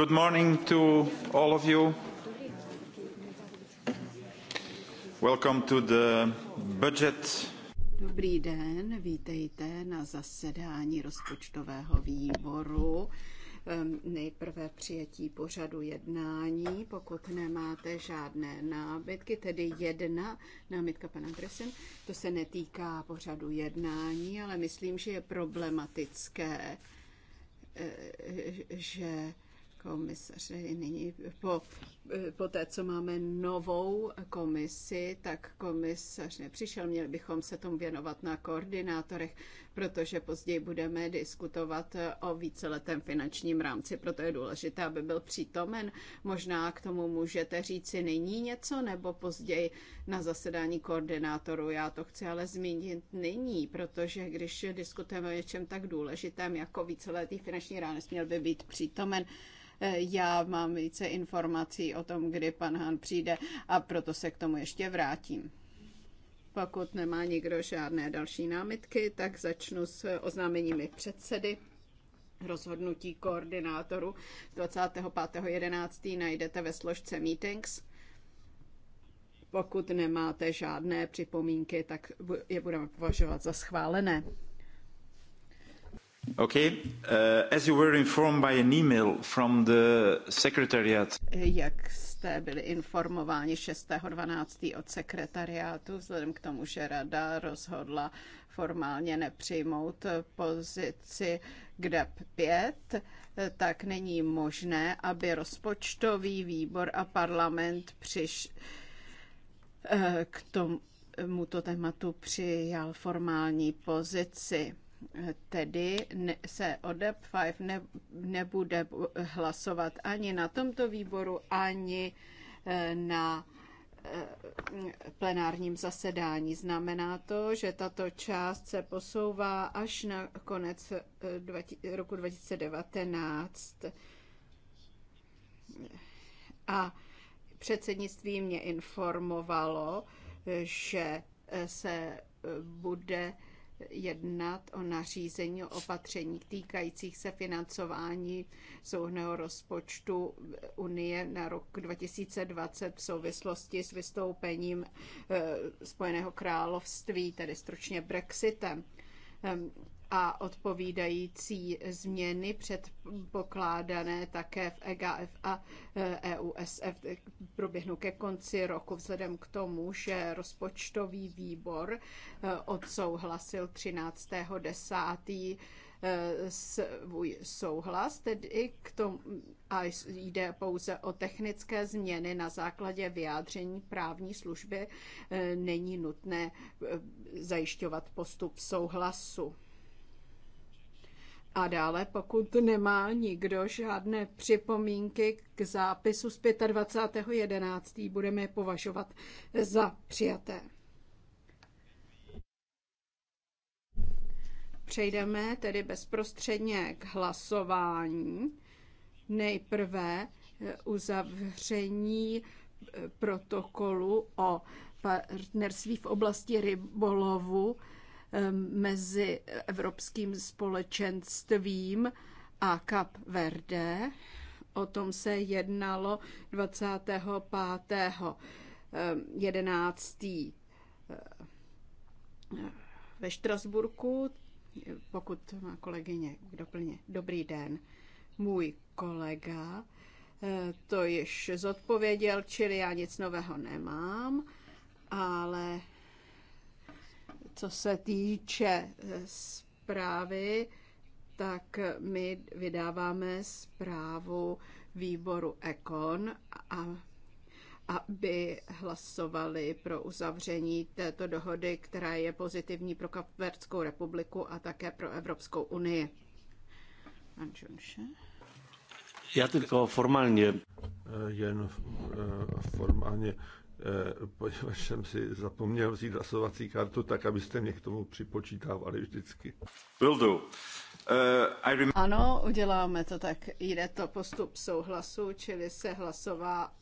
Good morning to all of you. Welcome to the budget. Dobrý den, vítejte na zasedání rozpočtového výboru. Ehm, nejprve přijetí pořadu jednání, pokud nemáte žádné námitky, tedy jedna námitka pana Gresen. To se netýká pořadu jednání, ale myslím, že je problematické, eh, že komisaři, nyní po, po té, co máme novou komisi, tak komisař nepřišel. Měli bychom se tomu věnovat na koordinátorech, protože později budeme diskutovat o víceletém finančním rámci, proto je důležité, aby byl přítomen. Možná k tomu můžete říci nyní něco, nebo později na zasedání koordinátoru. Já to chci ale zmínit nyní, protože když diskutujeme o něčem tak důležitém, jako víceletý finanční rámec, měl by být přítomen. Já mám více informací o tom, kdy pan Han přijde a proto se k tomu ještě vrátím. Pokud nemá nikdo žádné další námitky, tak začnu s oznámeními předsedy rozhodnutí koordinátoru 25.11. najdete ve složce Meetings. Pokud nemáte žádné připomínky, tak je budeme považovat za schválené. Okay. Uh, as you were informed by an email from the secretariat. Jak jste byli informováni 6.12. od sekretariátu, vzhledem k tomu, že rada rozhodla formálně nepřijmout pozici GDEP 5, tak není možné, aby rozpočtový výbor a parlament přiš eh, k tomu tématu přijal formální pozici tedy se o DEP5 ne, nebude hlasovat ani na tomto výboru, ani eh, na eh, plenárním zasedání. Znamená to, že tato část se posouvá až na konec eh, roku 2019. A předsednictví mě informovalo, že se bude jednat o nařízení o opatření týkajících se financování souhného rozpočtu Unie na rok 2020 v souvislosti s vystoupením eh, Spojeného království, tedy stručně Brexitem. Ehm, a odpovídající změny předpokládané také v EGF a EUSF e, e proběhnou ke konci roku vzhledem k tomu, že rozpočtový výbor e, odsouhlasil 10 svůj souhlas, tedy k tomu, a jde pouze o technické změny na základě vyjádření právní služby, není nutné zajišťovat postup souhlasu. A dále, pokud nemá nikdo žádné připomínky k zápisu z 25.11., budeme je považovat za přijaté. Přejdeme tedy bezprostředně k hlasování. Nejprve uzavření eh, protokolu o partnerství v oblasti rybolovu mezi Evropským společenstvím a Kap Verde. O tom se jednalo 25. 11. Eh, ve Štrasburku. Pokud má kolegyně doplně dobrý den, můj kolega eh, to již zodpověděl, čili já nic nového nemám, ale co se týče eh, zprávy, tak my vydáváme zprávu výboru Ekon a aby hlasovali pro uzavření této dohody, která je pozitivní pro Kapverskou republiku a také pro Evropskou unii. Já tylko eh, eh, formálně. Jen formálně Eh, poněvadž jsem si zapomněl vzít hlasovací kartu, tak abyste mě k tomu připočítávali vždycky. Will do. Uh, I rem- ano, uděláme to tak. Jde to postup souhlasu, čili se hlasová,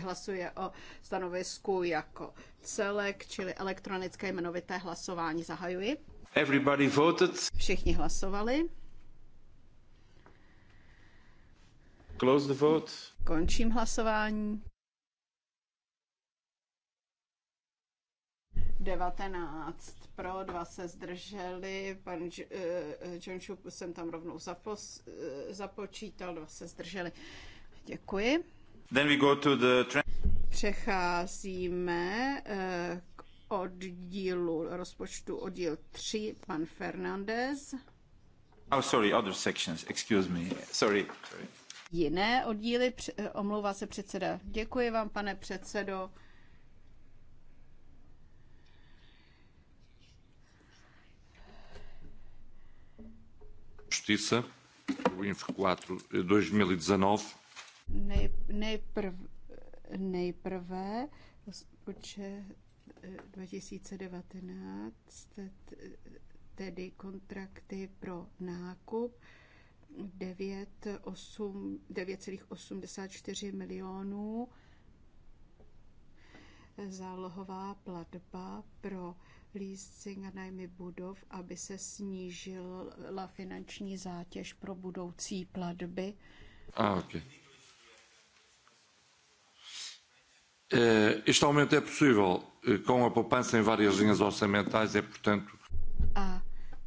hlasuje o stanovisku jako celek, čili elektronické jmenovité hlasování zahajuji. Everybody voted. Všichni hlasovali. Close the vote. Končím hlasování. 19 pro, dva se zdrželi, pan Johnšuk eh, eh, jsem tam rovnou zapos, eh, započítal, dva se zdrželi. Děkuji. Then we go to the... Přecházíme k oddílu rozpočtu oddíl 3, pan Fernandez. Oh, sorry, other sections, excuse me, sorry. sorry. Jiné oddíly, omlouvá se předseda. Děkuji vám, pane předsedo. Justiça, o INFO 4 2019. Eh, e eh, nejprve 2019, eh, tedy kontrakty pro nákup 9,84 milionů zálohová platba pro leasing a nájmy budov, aby se snížila finanční zátěž pro budoucí platby. A, ah, okay. Eh, este aumento é possível eh, com a poupança em várias linhas orçamentais, é portanto. A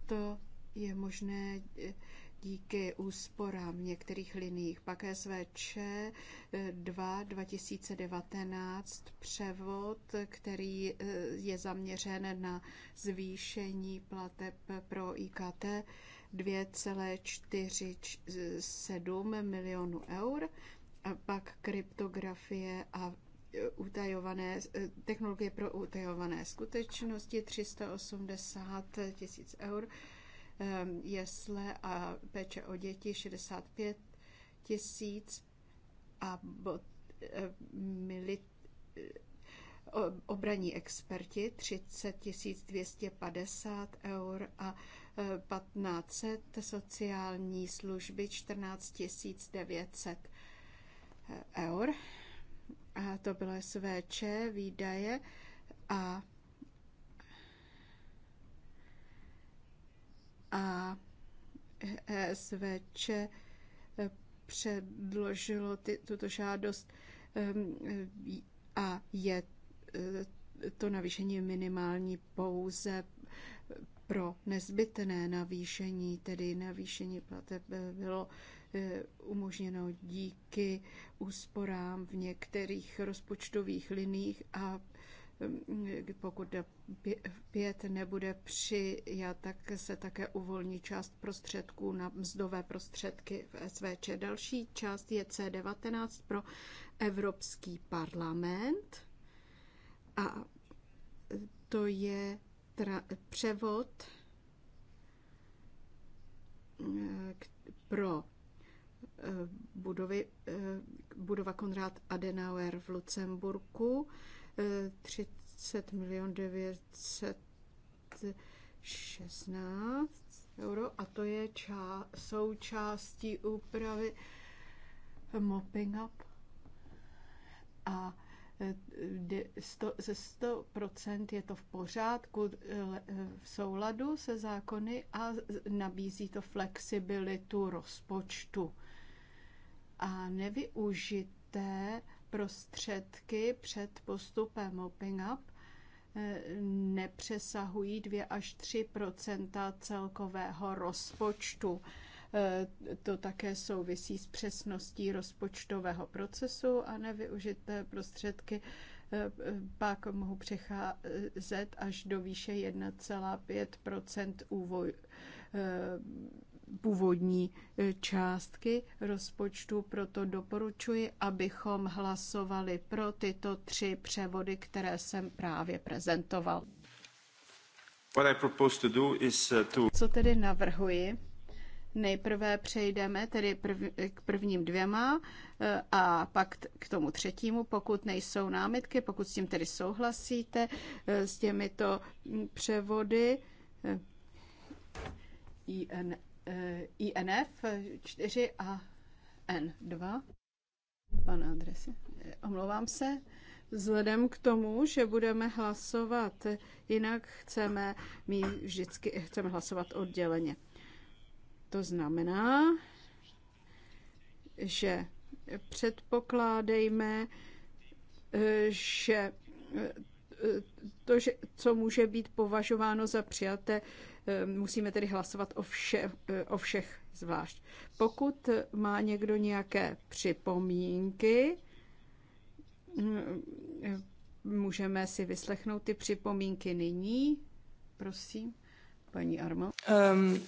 to je možné eh, díky úsporám v některých liních. Pak SVČ 2 2019 převod, který eh, je zaměřen na zvýšení plateb pro IKT 2,47 milionů eur. A pak kryptografie a eh, utajované, eh, technologie pro utajované skutečnosti 380 tisíc eur jesle a péče o děti 65 tisíc a bot, milit, obraní experti 30 250 eur a 1500 sociální služby 14 900 eur. A to bylo SVČ, výdaje a a e SVČ eh, předložilo ty, tuto žádost ehm, eh, a je eh, to navýšení minimální pouze pro nezbytné navýšení, tedy navýšení plateb bylo umožněno díky úsporám v některých rozpočtových liních a pokud pět nebude přijat, tak se také uvolní část prostředků na mzdové prostředky v SVČ. Další část je C19 pro Evropský parlament a to je převod pro eh, budovy, eh, budova Konrad Adenauer v Lucemburku 30 milion 916 euro a to je ča- součástí úpravy mopping up a e, ze 100% je to v pořádku, e, e, v souladu se zákony a nabízí to flexibilitu rozpočtu. A nevyužité prostředky před postupem mopping up eh, nepřesahují 2 až 3 celkového rozpočtu. Eh, to také souvisí s přesností rozpočtového procesu a nevyužité prostředky eh, pak mohou přecházet až do výše 1,5 úvoj, původní e, částky rozpočtu, proto doporučuji, abychom hlasovali pro tyto tři převody, které jsem právě prezentoval. Uh, Co tedy navrhuji? Nejprve přejdeme tedy prv, k prvním dvěma e, a pak k tomu třetímu, pokud nejsou námitky, pokud s tím tedy souhlasíte, e, s těmito převody INF Eh, INF 4 a N2. Pan adresy. Eh, omlouvám se. Vzhledem k tomu, že budeme hlasovat eh, jinak, chceme, mít vždycky chceme hlasovat odděleně. To znamená, že předpokládejme, že to, že, co může být považováno za přijaté, eh, musíme tedy hlasovat o, vše, eh, o všech zvlášť. Pokud má někdo nějaké připomínky, eh, můžeme si vyslechnout ty připomínky nyní. Prosím, paní Arma. Um, ehm,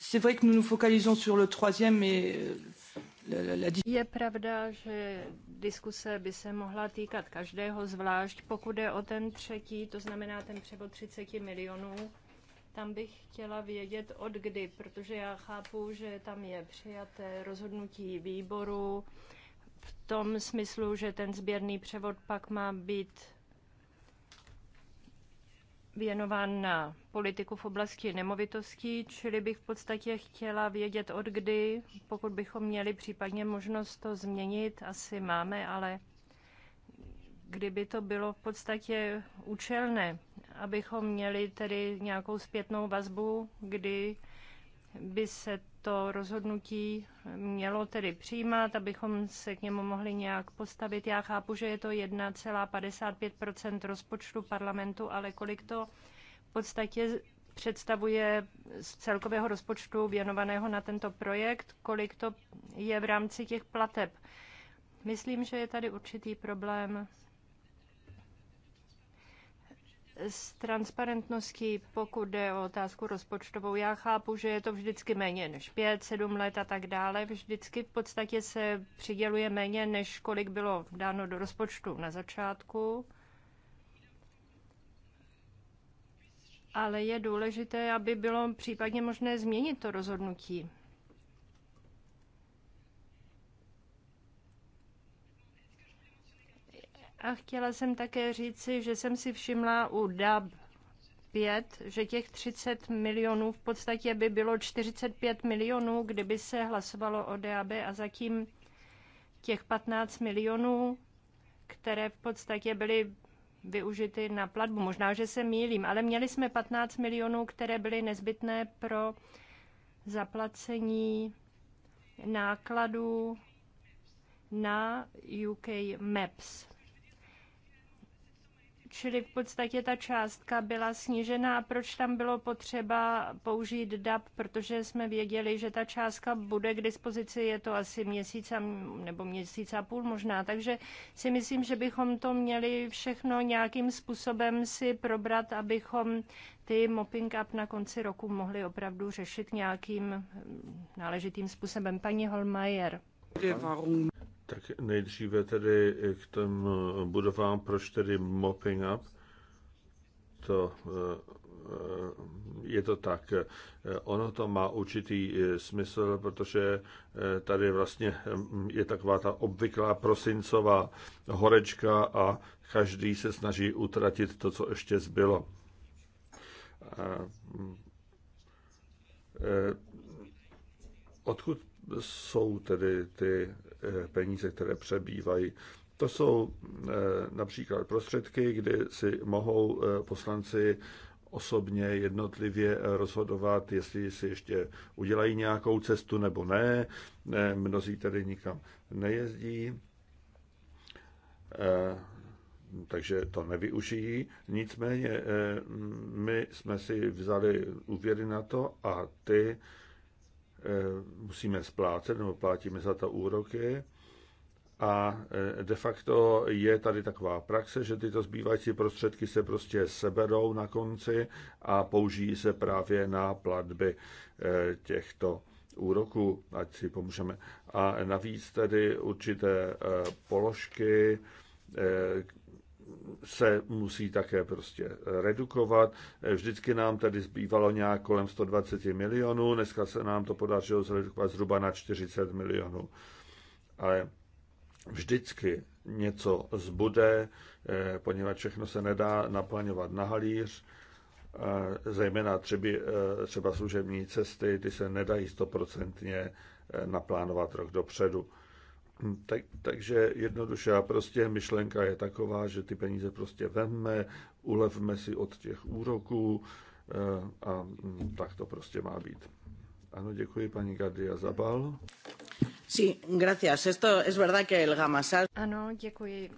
C'est vrai que nous nous focalisons sur le troisième, mais euh, je pravda, že diskuse by se mohla týkat každého zvlášť. Pokud je o ten třetí, to znamená ten převod 30 milionů, tam bych chtěla vědět od kdy, protože já chápu, že tam je přijaté rozhodnutí výboru v tom smyslu, že ten sběrný převod pak má být věnován na politiku v oblasti nemovitostí, čili bych v podstatě chtěla vědět od kdy, pokud bychom měli případně možnost to změnit, asi máme, ale kdyby to bylo v podstatě účelné, abychom měli tedy nějakou zpětnou vazbu, kdy by se to rozhodnutí mělo tedy přijímat, abychom se k němu mohli nějak postavit. Já chápu, že je to 1,55 rozpočtu parlamentu, ale kolik to v podstatě představuje z celkového rozpočtu věnovaného na tento projekt, kolik to je v rámci těch plateb. Myslím, že je tady určitý problém s transparentnosti, pokud jde o otázku rozpočtovou, já chápu, že je to vždycky méně než 5, 7 let a tak dále. Vždycky v podstatě se přiděluje méně, než kolik bylo dáno do rozpočtu na začátku. Ale je důležité, aby bylo případně možné změnit to rozhodnutí. A chtěla jsem také říci, že jsem si všimla u DAB 5, že těch 30 milionů v podstatě by bylo 45 milionů, kdyby se hlasovalo o DAB a zatím těch 15 milionů, které v podstatě byly využity na platbu. Možná, že se mýlím, ale měli jsme 15 milionů, které byly nezbytné pro zaplacení nákladů na UK Maps čili v podstatě ta částka byla snížena a Proč tam bylo potřeba použít DAP? Protože jsme věděli, že ta částka bude k dispozici, je to asi měsíc a, nebo měsíc a půl možná. Takže si myslím, že bychom to měli všechno nějakým způsobem si probrat, abychom ty mopping up na konci roku mohli opravdu řešit nějakým náležitým způsobem. Paní Holmajer. Tak nejdříve tedy k tomu budovám, proč tedy mopping up. To eh, je to tak. Ono to má určitý eh, smysl, protože eh, tady vlastně hm, je taková ta obvyklá prosincová horečka a každý se snaží utratit to, co ještě zbylo. Odkud jsou tedy ty Eh, peníze, které přebývají. To jsou eh, například prostředky, kdy si mohou eh, poslanci osobně jednotlivě rozhodovat, jestli si ještě udělají nějakou cestu nebo ne. Mnozí tady nikam nejezdí, takže to nevyužijí. Nicméně my jsme si vzali úvěry na to a ty Eh, musíme splácet nebo platíme za to úroky. A eh, de facto je tady taková praxe, že tyto zbývající prostředky se prostě seberou na konci a použijí se právě na platby eh, těchto úroků, ať si pomůžeme. A navíc tedy určité položky, se musí také prostě redukovat. Vždycky nám tady zbývalo nějak kolem 120 milionů, dneska se nám to podařilo zredukovat zhruba na 40 milionů. Ale vždycky něco zbude, eh, poněvadž všechno se nedá naplňovat na halíř, eh, zejména třeba, eh, třeba služební cesty, ty se nedají stoprocentně naplánovat rok dopředu. Hm, tak, takže jednoduše a prostě myšlenka je taková, že ty peníze prostě vemme, ulevme si od těch úroků eh, a hm, tak to prostě má být. Ano, děkuji paní Gardia Zabal. Sí, gracias. Esto es verdad que el gamasal... Ano, děkuji.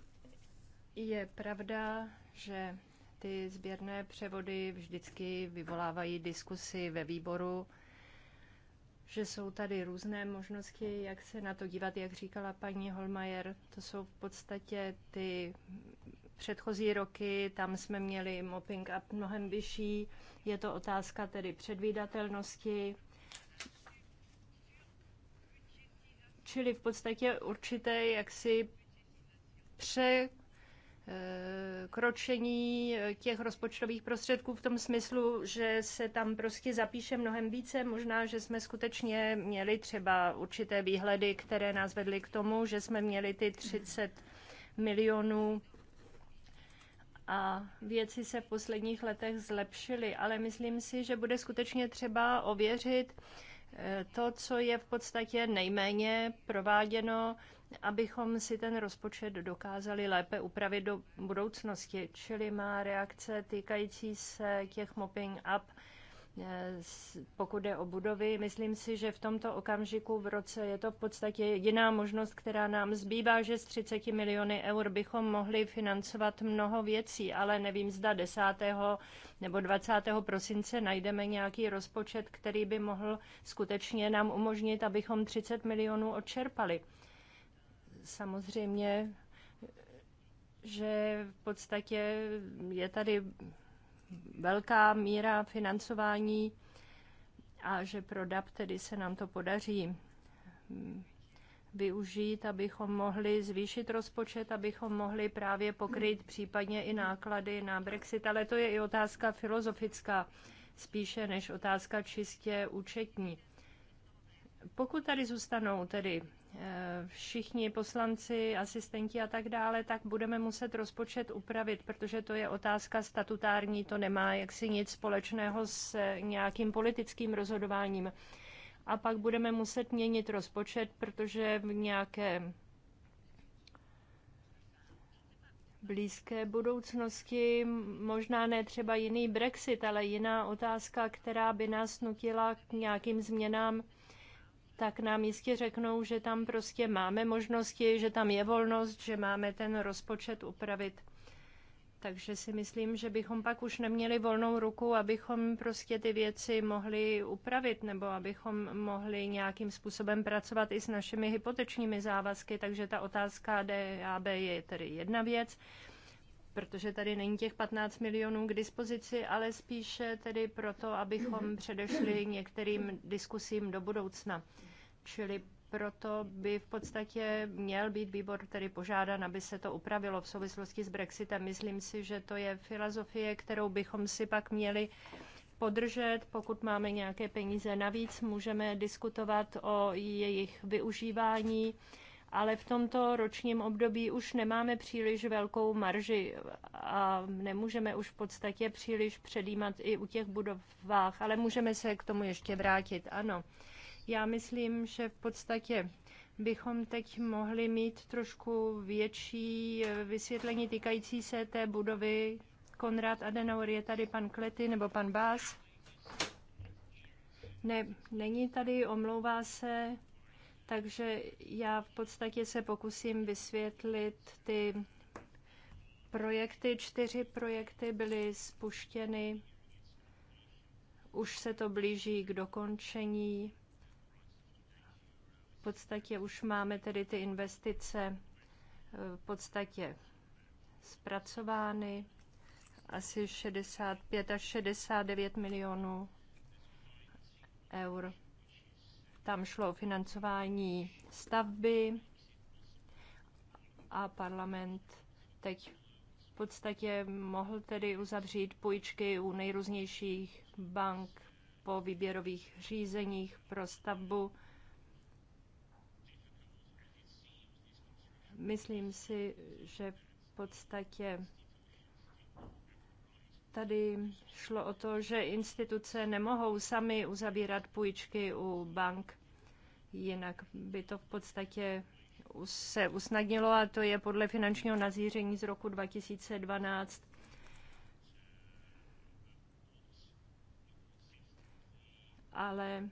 Je pravda, že ty sběrné převody vždycky vyvolávají diskusy ve výboru že jsou tady různé možnosti, jak se na to dívat, jak říkala paní Holmajer. To jsou v podstatě ty předchozí roky, tam jsme měli mopping up mnohem vyšší. Je to otázka tedy předvídatelnosti, čili v podstatě určité jaksi pře Eh, kročení eh, těch rozpočtových prostředků v tom smyslu, že se tam prostě zapíše mnohem více. Možná, že jsme skutečně měli třeba určité výhledy, které nás vedly k tomu, že jsme měli ty 30 milionů a věci se v posledních letech zlepšily, ale myslím si, že bude skutečně třeba ověřit eh, to, co je v podstatě nejméně prováděno, abychom si ten rozpočet dokázali lépe upravit do budoucnosti. Čili má reakce týkající se těch mopping up, eh, pokud jde o budovy. Myslím si, že v tomto okamžiku v roce je to v podstatě jediná možnost, která nám zbývá, že z 30 miliony eur bychom mohli financovat mnoho věcí, ale nevím, zda 10. nebo 20. prosince najdeme nějaký rozpočet, který by mohl skutečně nám umožnit, abychom 30 milionů odčerpali samozřejmě, že v podstatě je tady velká míra financování a že pro DAP tedy se nám to podaří využít, abychom mohli zvýšit rozpočet, abychom mohli právě pokryt případně i náklady na Brexit. Ale to je i otázka filozofická spíše než otázka čistě účetní. Pokud tady zůstanou tedy Eh, všichni poslanci, asistenti a tak dále, tak budeme muset rozpočet upravit, protože to je otázka statutární, to nemá jaksi nic společného s nějakým politickým rozhodováním. A pak budeme muset měnit rozpočet, protože v nějaké blízké budoucnosti, možná ne třeba jiný Brexit, ale jiná otázka, která by nás nutila k nějakým změnám tak nám jistě řeknou, že tam prostě máme možnosti, že tam je volnost, že máme ten rozpočet upravit. Takže si myslím, že bychom pak už neměli volnou ruku, abychom prostě ty věci mohli upravit nebo abychom mohli nějakým způsobem pracovat i s našimi hypotečními závazky. Takže ta otázka DAB je tedy jedna věc protože tady není těch 15 milionů k dispozici, ale spíše tedy proto, abychom mhm. předešli některým diskusím do budoucna. Čili proto by v podstatě měl být výbor tedy požádán, aby se to upravilo v souvislosti s Brexitem. Myslím si, že to je filozofie, kterou bychom si pak měli podržet. Pokud máme nějaké peníze navíc, můžeme diskutovat o jejich využívání ale v tomto ročním období už nemáme příliš velkou marži a nemůžeme už v podstatě příliš předjímat i u těch budovách, ale můžeme se k tomu ještě vrátit, ano. Já myslím, že v podstatě bychom teď mohli mít trošku větší eh, vysvětlení týkající se té budovy. Konrad Adenauer je tady pan Klety nebo pan Bás. Ne, není tady, omlouvá se takže já v podstatě se pokusím vysvětlit ty projekty. Čtyři projekty byly spuštěny, už se to blíží k dokončení. V podstatě už máme tedy ty investice eh, v podstatě zpracovány asi 65 až 69 milionů eur tam šlo o financování stavby a parlament teď v podstatě mohl tedy uzavřít půjčky u nejrůznějších bank po výběrových řízeních pro stavbu. Myslím si, že v podstatě Tady šlo o to, že instituce nemohou sami uzavírat půjčky u bank, jinak by to v podstatě se usnadnilo a to je podle finančního nazíření z roku 2012. Ale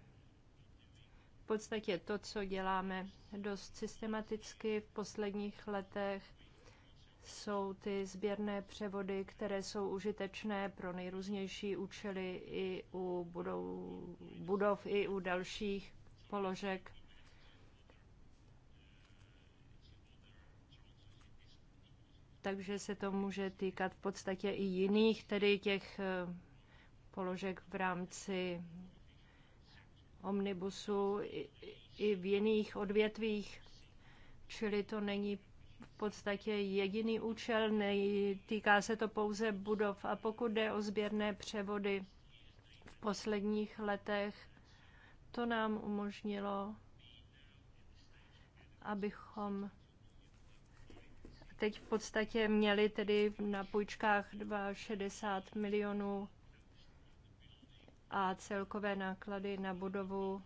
v podstatě to, co děláme dost systematicky v posledních letech, jsou ty sběrné převody, které jsou užitečné pro nejrůznější účely i u budov, budov i u dalších položek. Takže se to může týkat v podstatě i jiných, tedy těch eh, položek v rámci omnibusu i, i v jiných odvětvích. Čili to není v podstatě jediný účel, týká se to pouze budov. A pokud jde o sběrné převody v posledních letech, to nám umožnilo, abychom teď v podstatě měli tedy na půjčkách 260 milionů a celkové náklady na budovu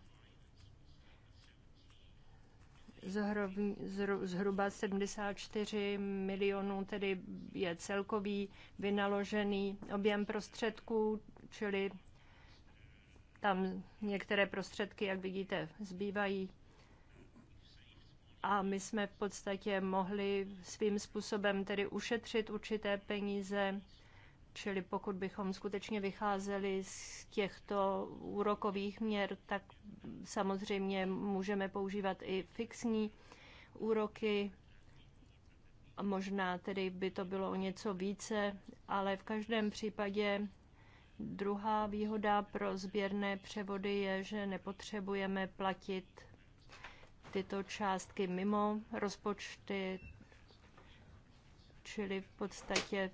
zhruba 74 milionů, tedy je celkový vynaložený objem prostředků, čili tam některé prostředky, jak vidíte, zbývají. A my jsme v podstatě mohli svým způsobem tedy ušetřit určité peníze Čili pokud bychom skutečně vycházeli z těchto úrokových měr, tak samozřejmě můžeme používat i fixní úroky. Možná tedy by to bylo o něco více, ale v každém případě druhá výhoda pro sběrné převody je, že nepotřebujeme platit tyto částky mimo rozpočty, čili v podstatě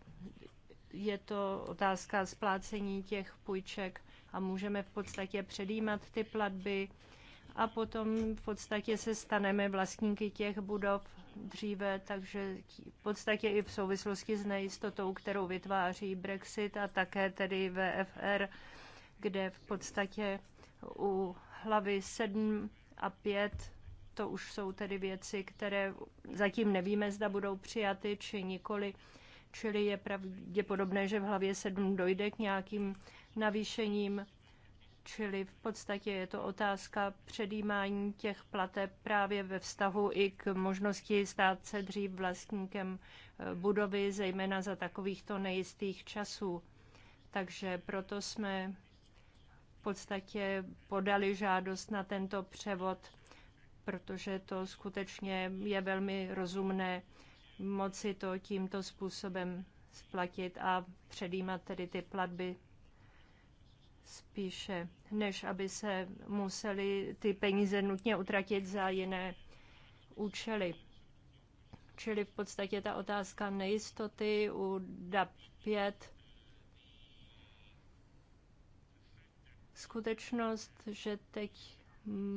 je to otázka splácení těch půjček a můžeme v podstatě předjímat ty platby a potom v podstatě se staneme vlastníky těch budov dříve, takže v podstatě i v souvislosti s nejistotou, kterou vytváří Brexit a také tedy VFR, kde v podstatě u hlavy 7 a 5 to už jsou tedy věci, které zatím nevíme, zda budou přijaty či nikoli čili je pravděpodobné, že v hlavě 7 dojde k nějakým navýšením, čili v podstatě je to otázka předjímání těch plateb právě ve vztahu i k možnosti stát se dřív vlastníkem eh, budovy, zejména za takovýchto nejistých časů. Takže proto jsme v podstatě podali žádost na tento převod, protože to skutečně je velmi rozumné moci to tímto způsobem splatit a předjímat tedy ty platby spíše, než aby se museli ty peníze nutně utratit za jiné účely. Čili v podstatě ta otázka nejistoty u DAP 5 skutečnost, že teď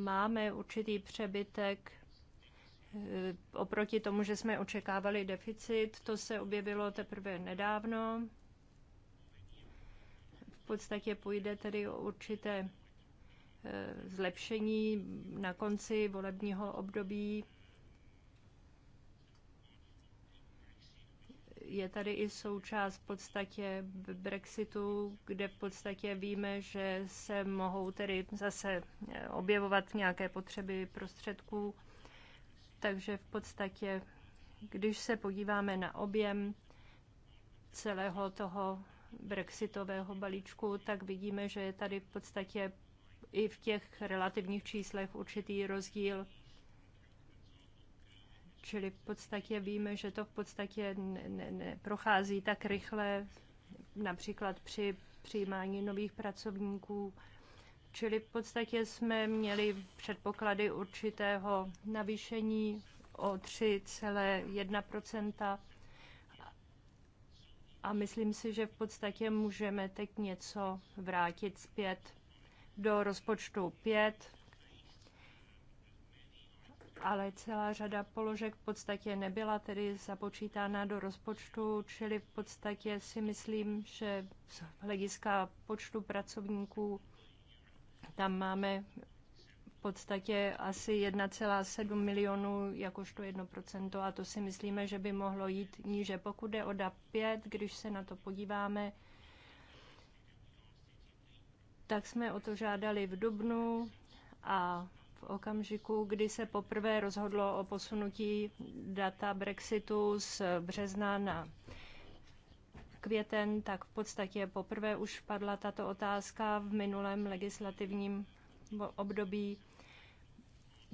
máme určitý přebytek Eh, oproti tomu, že jsme očekávali deficit, to se objevilo teprve nedávno. V podstatě půjde tedy o určité eh, zlepšení na konci volebního období. Je tady i součást v podstatě Brexitu, kde v podstatě víme, že se mohou tedy zase eh, objevovat nějaké potřeby prostředků takže v podstatě, když se podíváme na objem celého toho brexitového balíčku, tak vidíme, že je tady v podstatě i v těch relativních číslech určitý rozdíl. Čili v podstatě víme, že to v podstatě neprochází ne, ne, tak rychle, například při přijímání nových pracovníků Čili v podstatě jsme měli předpoklady určitého navýšení o 3,1 a myslím si, že v podstatě můžeme teď něco vrátit zpět do rozpočtu 5, ale celá řada položek v podstatě nebyla tedy započítána do rozpočtu, čili v podstatě si myslím, že z hlediska počtu pracovníků tam máme v podstatě asi 1,7 milionů jakožto 1% a to si myslíme, že by mohlo jít níže. Pokud je o DAP 5, když se na to podíváme, tak jsme o to žádali v Dubnu a v okamžiku, kdy se poprvé rozhodlo o posunutí data Brexitu z března na květen, tak v podstatě poprvé už padla tato otázka v minulém legislativním období.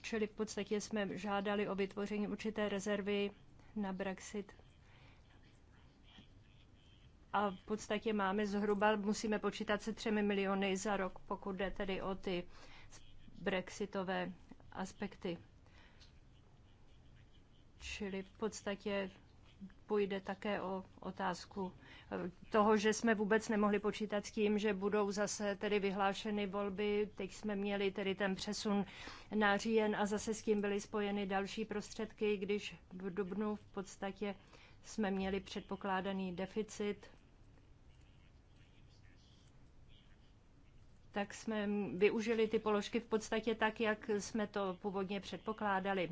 Čili v podstatě jsme žádali o vytvoření určité rezervy na Brexit. A v podstatě máme zhruba, musíme počítat se třemi miliony za rok, pokud jde tedy o ty brexitové aspekty. Čili v podstatě půjde také o otázku toho, že jsme vůbec nemohli počítat s tím, že budou zase tedy vyhlášeny volby. Teď jsme měli tedy ten přesun na říjen a zase s tím byly spojeny další prostředky, když v dubnu v podstatě jsme měli předpokládaný deficit. Tak jsme využili ty položky v podstatě tak, jak jsme to původně předpokládali.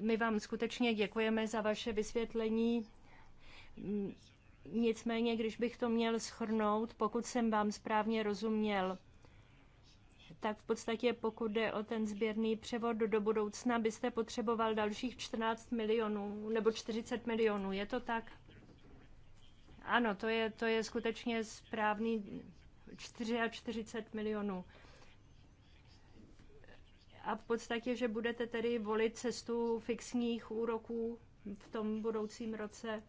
My vám skutečně děkujeme za vaše vysvětlení. Nicméně, když bych to měl schrnout, pokud jsem vám správně rozuměl, tak v podstatě pokud jde o ten sběrný převod do budoucna, byste potřeboval dalších 14 milionů nebo 40 milionů. Je to tak? Ano, to je, to je skutečně správný 44 milionů a v podstatě, že budete tedy volit cestu fixních úroků v tom budoucím roce.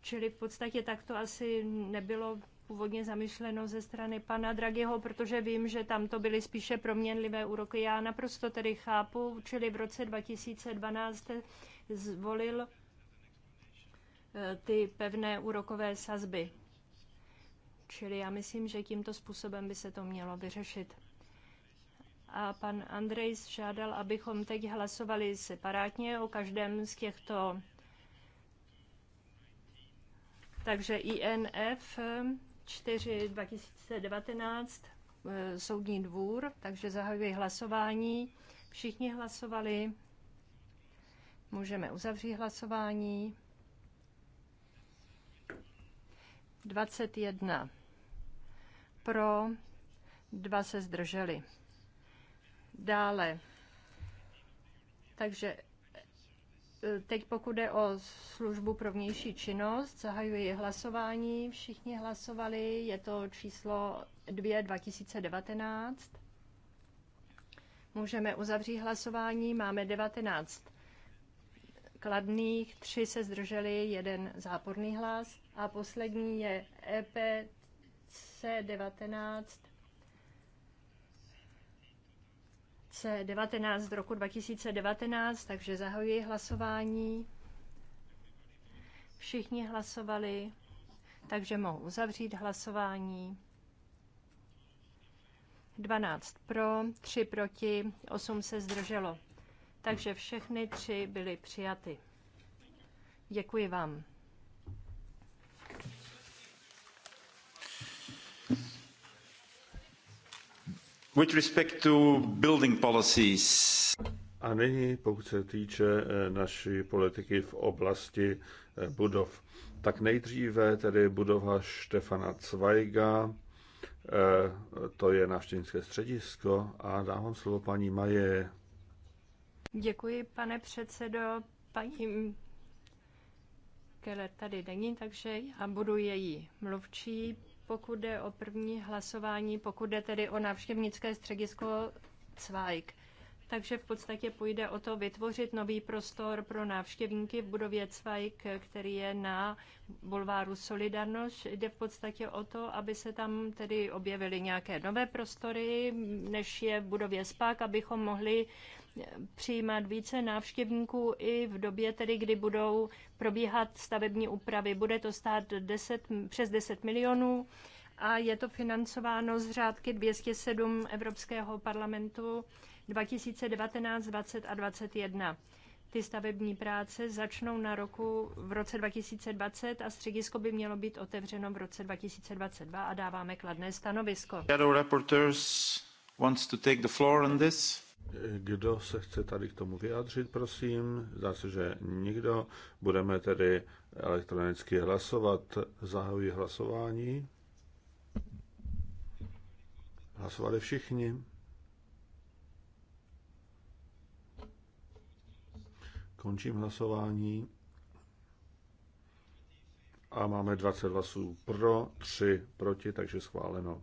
Čili v podstatě tak to asi nebylo původně zamýšleno ze strany pana Dragiho, protože vím, že tam to byly spíše proměnlivé úroky. Já naprosto tedy chápu, čili v roce 2012 zvolil eh, ty pevné úrokové sazby. Čili já myslím, že tímto způsobem by se to mělo vyřešit a pan Andrej žádal, abychom teď hlasovali separátně o každém z těchto. Takže INF 4 2019 soudní dvůr, takže zahajuji hlasování. Všichni hlasovali. Můžeme uzavřít hlasování. 21 pro, dva se zdrželi. Dále. Takže e, teď pokud jde o službu pro vnější činnost, zahajuji hlasování. Všichni hlasovali, je to číslo 2 2019. Můžeme uzavřít hlasování, máme 19 kladných, 3 se zdrželi, jeden záporný hlas a poslední je EPC 19 2019 z roku 2019, takže zahajuji hlasování. Všichni hlasovali, takže mohu uzavřít hlasování. 12 pro, 3 proti, 8 se zdrželo. Takže všechny tři byly přijaty. Děkuji vám. With respect to building policies. A nyní, pokud se týče eh, naší politiky v oblasti eh, budov, tak nejdříve tedy budova Štefana Cvajga, eh, to je návštěvnické středisko a dávám slovo paní Maje. Děkuji, pane předsedo. Paní Keller tady není, takže já budu její mluvčí pokud jde o první hlasování, pokud jde tedy o návštěvnické středisko Cvajk. Takže v podstatě půjde o to vytvořit nový prostor pro návštěvníky v budově Cvajk, který je na bulváru Solidarnost. Jde v podstatě o to, aby se tam tedy objevily nějaké nové prostory, než je v budově SPAK, abychom mohli přijímat více návštěvníků i v době, tedy, kdy budou probíhat stavební úpravy. Bude to stát 10, přes 10 milionů a je to financováno z řádky 207 Evropského parlamentu 2019, 20 a 21. Ty stavební práce začnou na roku v roce 2020 a středisko by mělo být otevřeno v roce 2022 a dáváme kladné stanovisko. Shadow wants to take the floor on this. Kdo se chce tady k tomu vyjádřit, prosím? Zdá se, že nikdo. Budeme tedy elektronicky hlasovat. Zahajuji hlasování. Hlasovali všichni. Končím hlasování. A máme 20 hlasů pro, 3 proti, takže schváleno.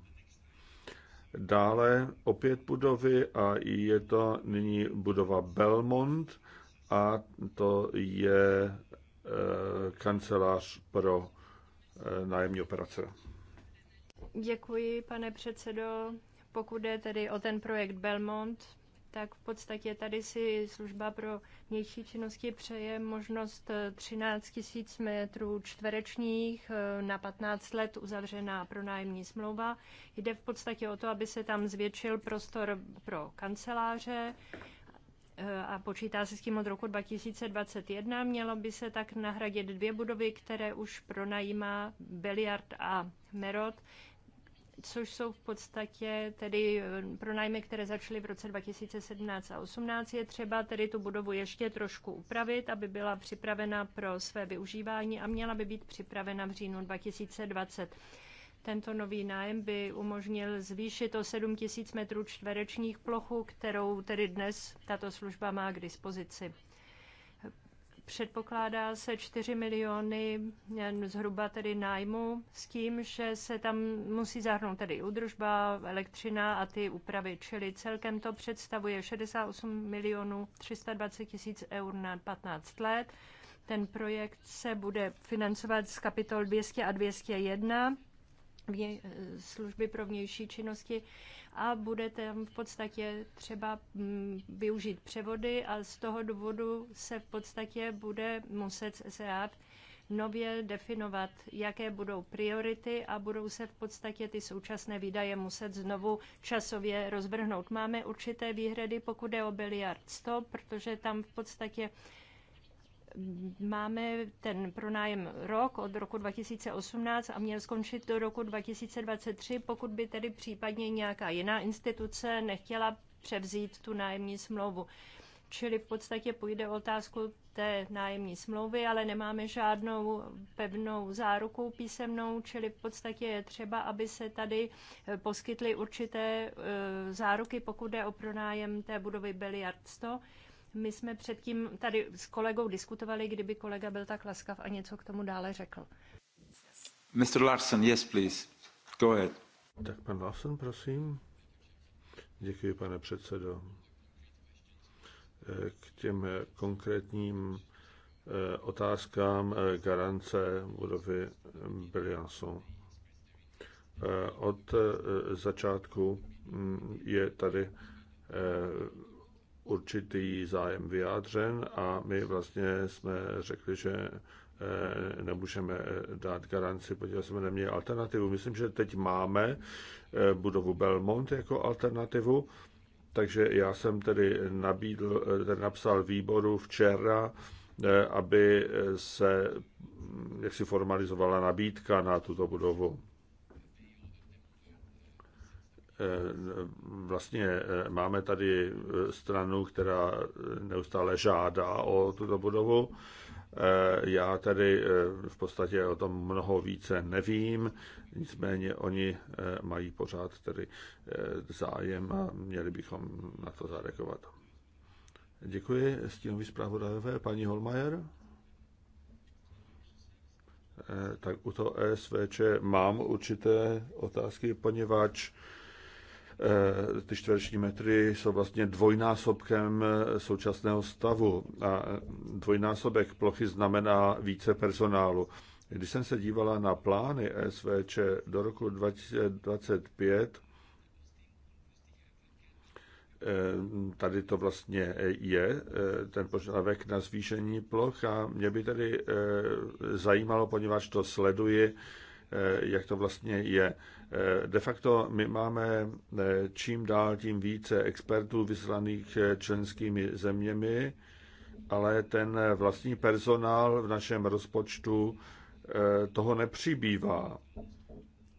Dále opět budovy a je to nyní budova Belmont a to je e, kancelář pro e, nájemní operace. Děkuji, pane předsedo. Pokud jde tedy o ten projekt Belmont, tak v podstatě tady si služba pro vnější činnosti přeje možnost 13 eh, 000 metrů čtverečních eh, na 15 let uzavřená pronájemní smlouva. Jde v podstatě o to, aby se tam zvětšil prostor pro kanceláře eh, a počítá se s tím od roku 2021. Mělo by se tak nahradit dvě budovy, které už pronajímá Beliard a Merod což jsou v podstatě tedy eh, pronájmy, které začaly v roce 2017 a 2018. Je třeba tedy tu budovu ještě trošku upravit, aby byla připravena pro své využívání a měla by být připravena v říjnu 2020. Tento nový nájem by umožnil zvýšit o 7 000 metrů čtverečních plochu, kterou tedy dnes tato služba má k dispozici. Předpokládá se 4 miliony zhruba tedy nájmu s tím, že se tam musí zahrnout tedy udržba, elektřina a ty úpravy, čili celkem to představuje 68 milionů 320 tisíc eur na 15 let. Ten projekt se bude financovat z kapitol 200 a 201 služby pro vnější činnosti a bude tam v podstatě třeba mm, využít převody a z toho důvodu se v podstatě bude muset SEAT nově definovat, jaké budou priority a budou se v podstatě ty současné výdaje muset znovu časově rozvrhnout. Máme určité výhrady, pokud je o biliard 100, protože tam v podstatě máme ten pronájem rok od roku 2018 a měl skončit do roku 2023, pokud by tedy případně nějaká jiná instituce nechtěla převzít tu nájemní smlouvu. Čili v podstatě půjde o otázku té nájemní smlouvy, ale nemáme žádnou pevnou záruku písemnou, čili v podstatě je třeba, aby se tady eh, poskytly určité eh, záruky, pokud jde o pronájem té budovy Beliard 100 my jsme předtím tady s kolegou diskutovali, kdyby kolega byl tak laskav a něco k tomu dále řekl. Mr. Larson, yes, please. Go ahead. Tak pan Larson, prosím. Děkuji, pane předsedo. Eh, k těm konkrétním eh, otázkám eh, garance budovy Briançon. Od začátku mm, je tady určitý zájem vyjádřen a my vlastně jsme řekli, že eh, nemůžeme eh, dát garanci, protože jsme neměli alternativu. Myslím, že teď máme eh, budovu Belmont jako alternativu, takže já jsem tedy nabídl, tedy napsal výboru včera, aby se hm, jaksi formalizovala nabídka na tuto budovu. Eh, vlastně eh, máme tady eh, stranu, která neustále žádá o tuto budovu. Já tady v podstatě o tom mnoho více nevím, nicméně oni mají pořád tedy zájem a měli bychom na to zareagovat. Děkuji. Stínový zpravodajové, paní Holmajer. Tak u toho ESVČ mám určité otázky, poněvadž Eh, ty čtvereční metry jsou vlastně dvojnásobkem eh, současného stavu a eh, dvojnásobek plochy znamená více personálu. Když jsem se dívala na plány SVČ do roku 2025, tady to vlastně je, ten požadavek na zvýšení ploch a mě by tedy zajímalo, poněvadž to sleduji, jak to vlastně je. Eh, de facto my máme eh, čím dál tím více expertů vyslaných eh, členskými zeměmi, ale ten vlastní personál v našem rozpočtu toho nepřibývá.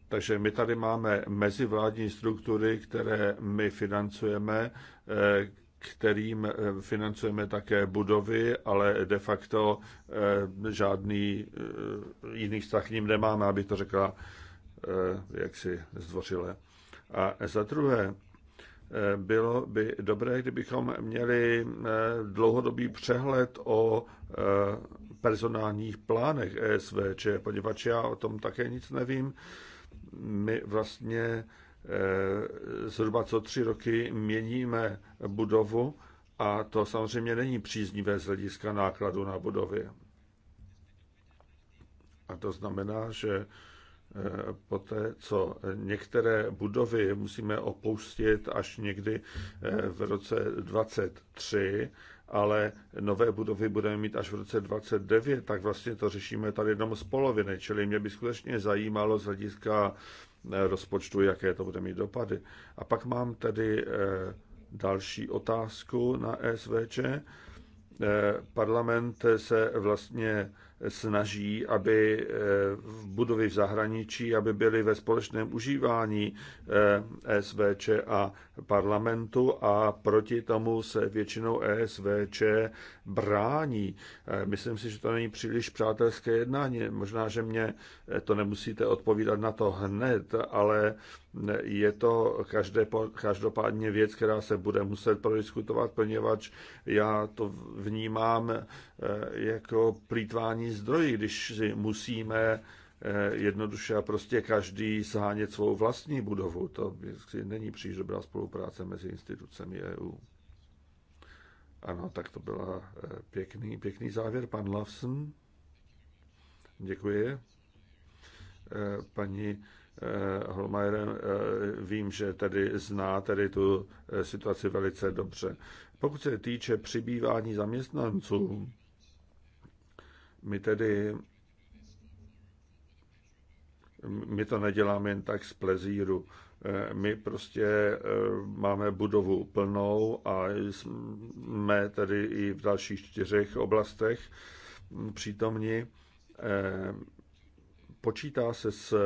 Takže my tady máme mezivládní struktury, které my financujeme, kterým financujeme také budovy, ale de facto žádný jiný vztah k ním nemáme, aby to řekla Eh, jaksi zdvořile. A za druhé, eh, bylo by dobré, kdybychom měli eh, dlouhodobý přehled o personálních plánech ESVČ, poněvadž já o tom také nic nevím. My vlastně zhruba co tři roky měníme budovu a to samozřejmě není příznivé z hlediska nákladu na budovy. A to znamená, že poté, co některé budovy musíme opustit až někdy eh, v roce 23, ale nové budovy budeme mít až v roce 29, tak vlastně to řešíme tady jenom z poloviny, čili mě by skutečně zajímalo z hlediska eh, rozpočtu, jaké to bude mít dopady. A pak mám tedy eh, další otázku na SVČ. Parlament se vlastně snaží, aby eh, v budovy v zahraničí, aby byly ve společném užívání eh, SVČ a parlamentu a proti tomu se většinou ESVČ brání. E, myslím si, že to není příliš přátelské jednání. Možná, že mě e, to nemusíte odpovídat na to hned, ale e, je to každé, každopádně věc, která se bude muset prodiskutovat, poněvadž já to vnímám jako plítvání zdrojí, když si musíme Eh, jednoduše a prostě každý shánět svou vlastní budovu. To není příliš dobrá spolupráce mezi institucemi EU. Ano, tak to byl eh, pěkný, pěkný závěr. Pan Lawson, děkuji. Eh, paní Holmajer, vím, že tady zná tady tu situaci velice dobře. Pokud se týče přibývání zaměstnanců, my tedy my to neděláme jen tak z plezíru. Eh, my prostě eh, máme budovu plnou a jsme tedy i v dalších čtyřech oblastech přítomni. Eh, počítá se s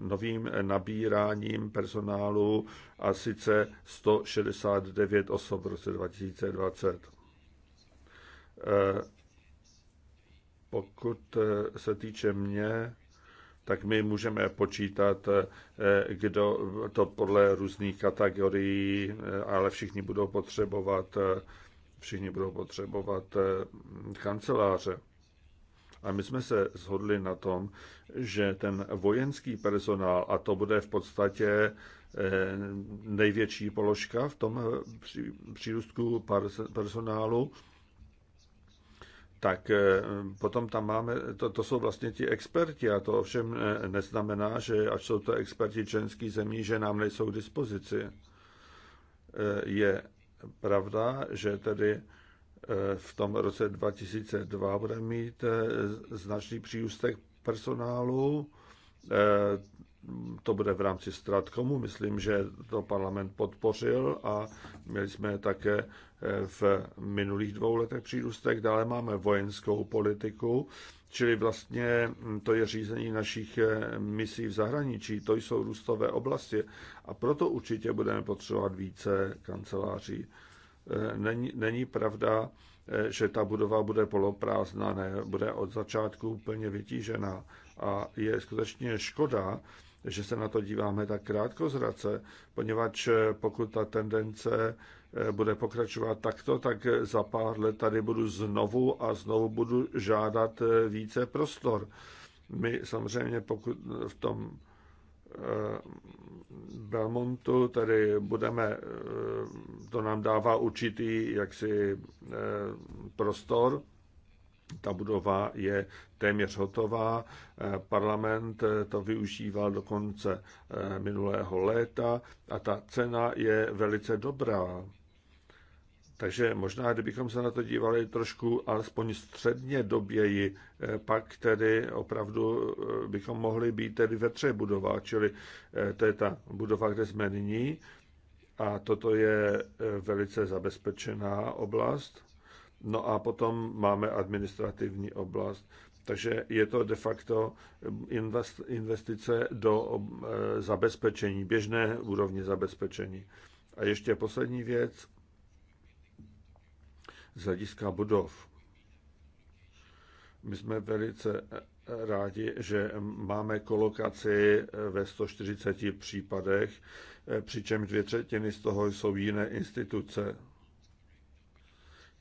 novým nabíráním personálu a sice 169 osob v roce 2020. Pokud se týče mě, tak my můžeme počítat, eh, kdo to podle různých kategorií, eh, ale všichni budou potřebovat eh, všichni budou potřebovat kanceláře. A my jsme se shodli na tom, že ten vojenský personál, a to bude v podstatě největší položka v tom přírůstku personálu, tak eh, potom tam máme, to, to jsou vlastně ti experti a to ovšem eh, neznamená, že až jsou to experti členských zemí, že nám nejsou k dispozici. Eh, je pravda, že tedy v tom roce 2002 bude mít značný přírůstek personálu. To bude v rámci Stratkomu, myslím, že to parlament podpořil a měli jsme také v minulých dvou letech přírůstek. Dále máme vojenskou politiku, čili vlastně to je řízení našich eh, misí v zahraničí. To jsou růstové oblasti a proto určitě budeme potřebovat více kanceláří. Eh, není, není pravda, eh, že ta budova bude poloprázdná, ne, bude od začátku úplně vytížená. A je skutečně škoda, že se na to díváme tak krátkozrace, poněvadž pokud ta tendence bude pokračovat takto, tak za pár let tady budu znovu a znovu budu žádat eh, více prostor. My samozřejmě pokud v tom eh, Belmontu, tady budeme, eh, to nám dává určitý jaksi prostor. Ta budova je téměř hotová. Parlament to využíval do konce minulého léta a ta cena je velice dobrá. Takže možná, kdybychom se na to dívali trošku alespoň středně doběji, eh, pak tedy opravdu eh, bychom mohli být tedy ve třech budovách, čili eh, to je ta budova, kde jsme nyní a toto je velice zabezpečená oblast. No a potom máme administrativní oblast. Takže je to de facto investice do zabezpečení, běžné úrovně zabezpečení. A ještě poslední věc, z hlediska budov. My jsme velice rádi, že máme kolokaci ve 140 případech, přičemž dvě třetiny z toho jsou jiné instituce.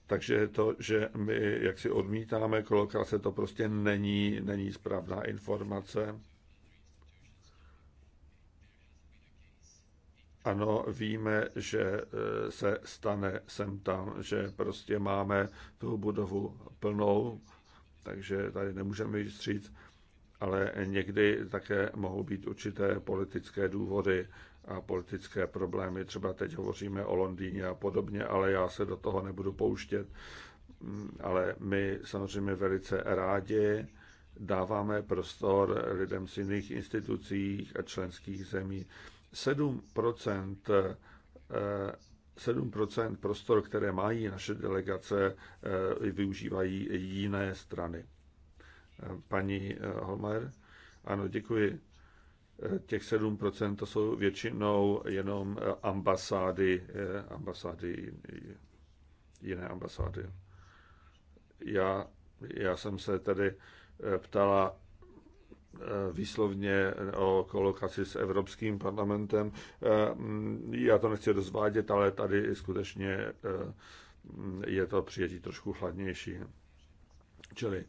Takže to, že my jaksi odmítáme kolokace, to prostě není, není správná informace. Ano, víme, že eh, se stane sem tam, že prostě máme tu budovu plnou, takže tady nemůžeme jít stříc, ale někdy také mohou být určité politické důvody a politické problémy. Třeba teď hovoříme o Londýně a podobně, ale já se do toho nebudu pouštět. Mm, ale my samozřejmě velice rádi dáváme prostor lidem z jiných institucích a členských zemí 7 7 eh, prostor, které mají naše delegace, eh, využívají jiné strany. Eh, paní Holmer, ano, děkuji. Těch 7 to jsou většinou jenom ambasády, ambasády jiné ambasády. Já, já jsem se tedy ptala Eh, výslovně o kolokaci s Evropským parlamentem. Eh, já to nechci rozvádět, ale tady skutečně eh, je to přijetí trošku chladnější. Čili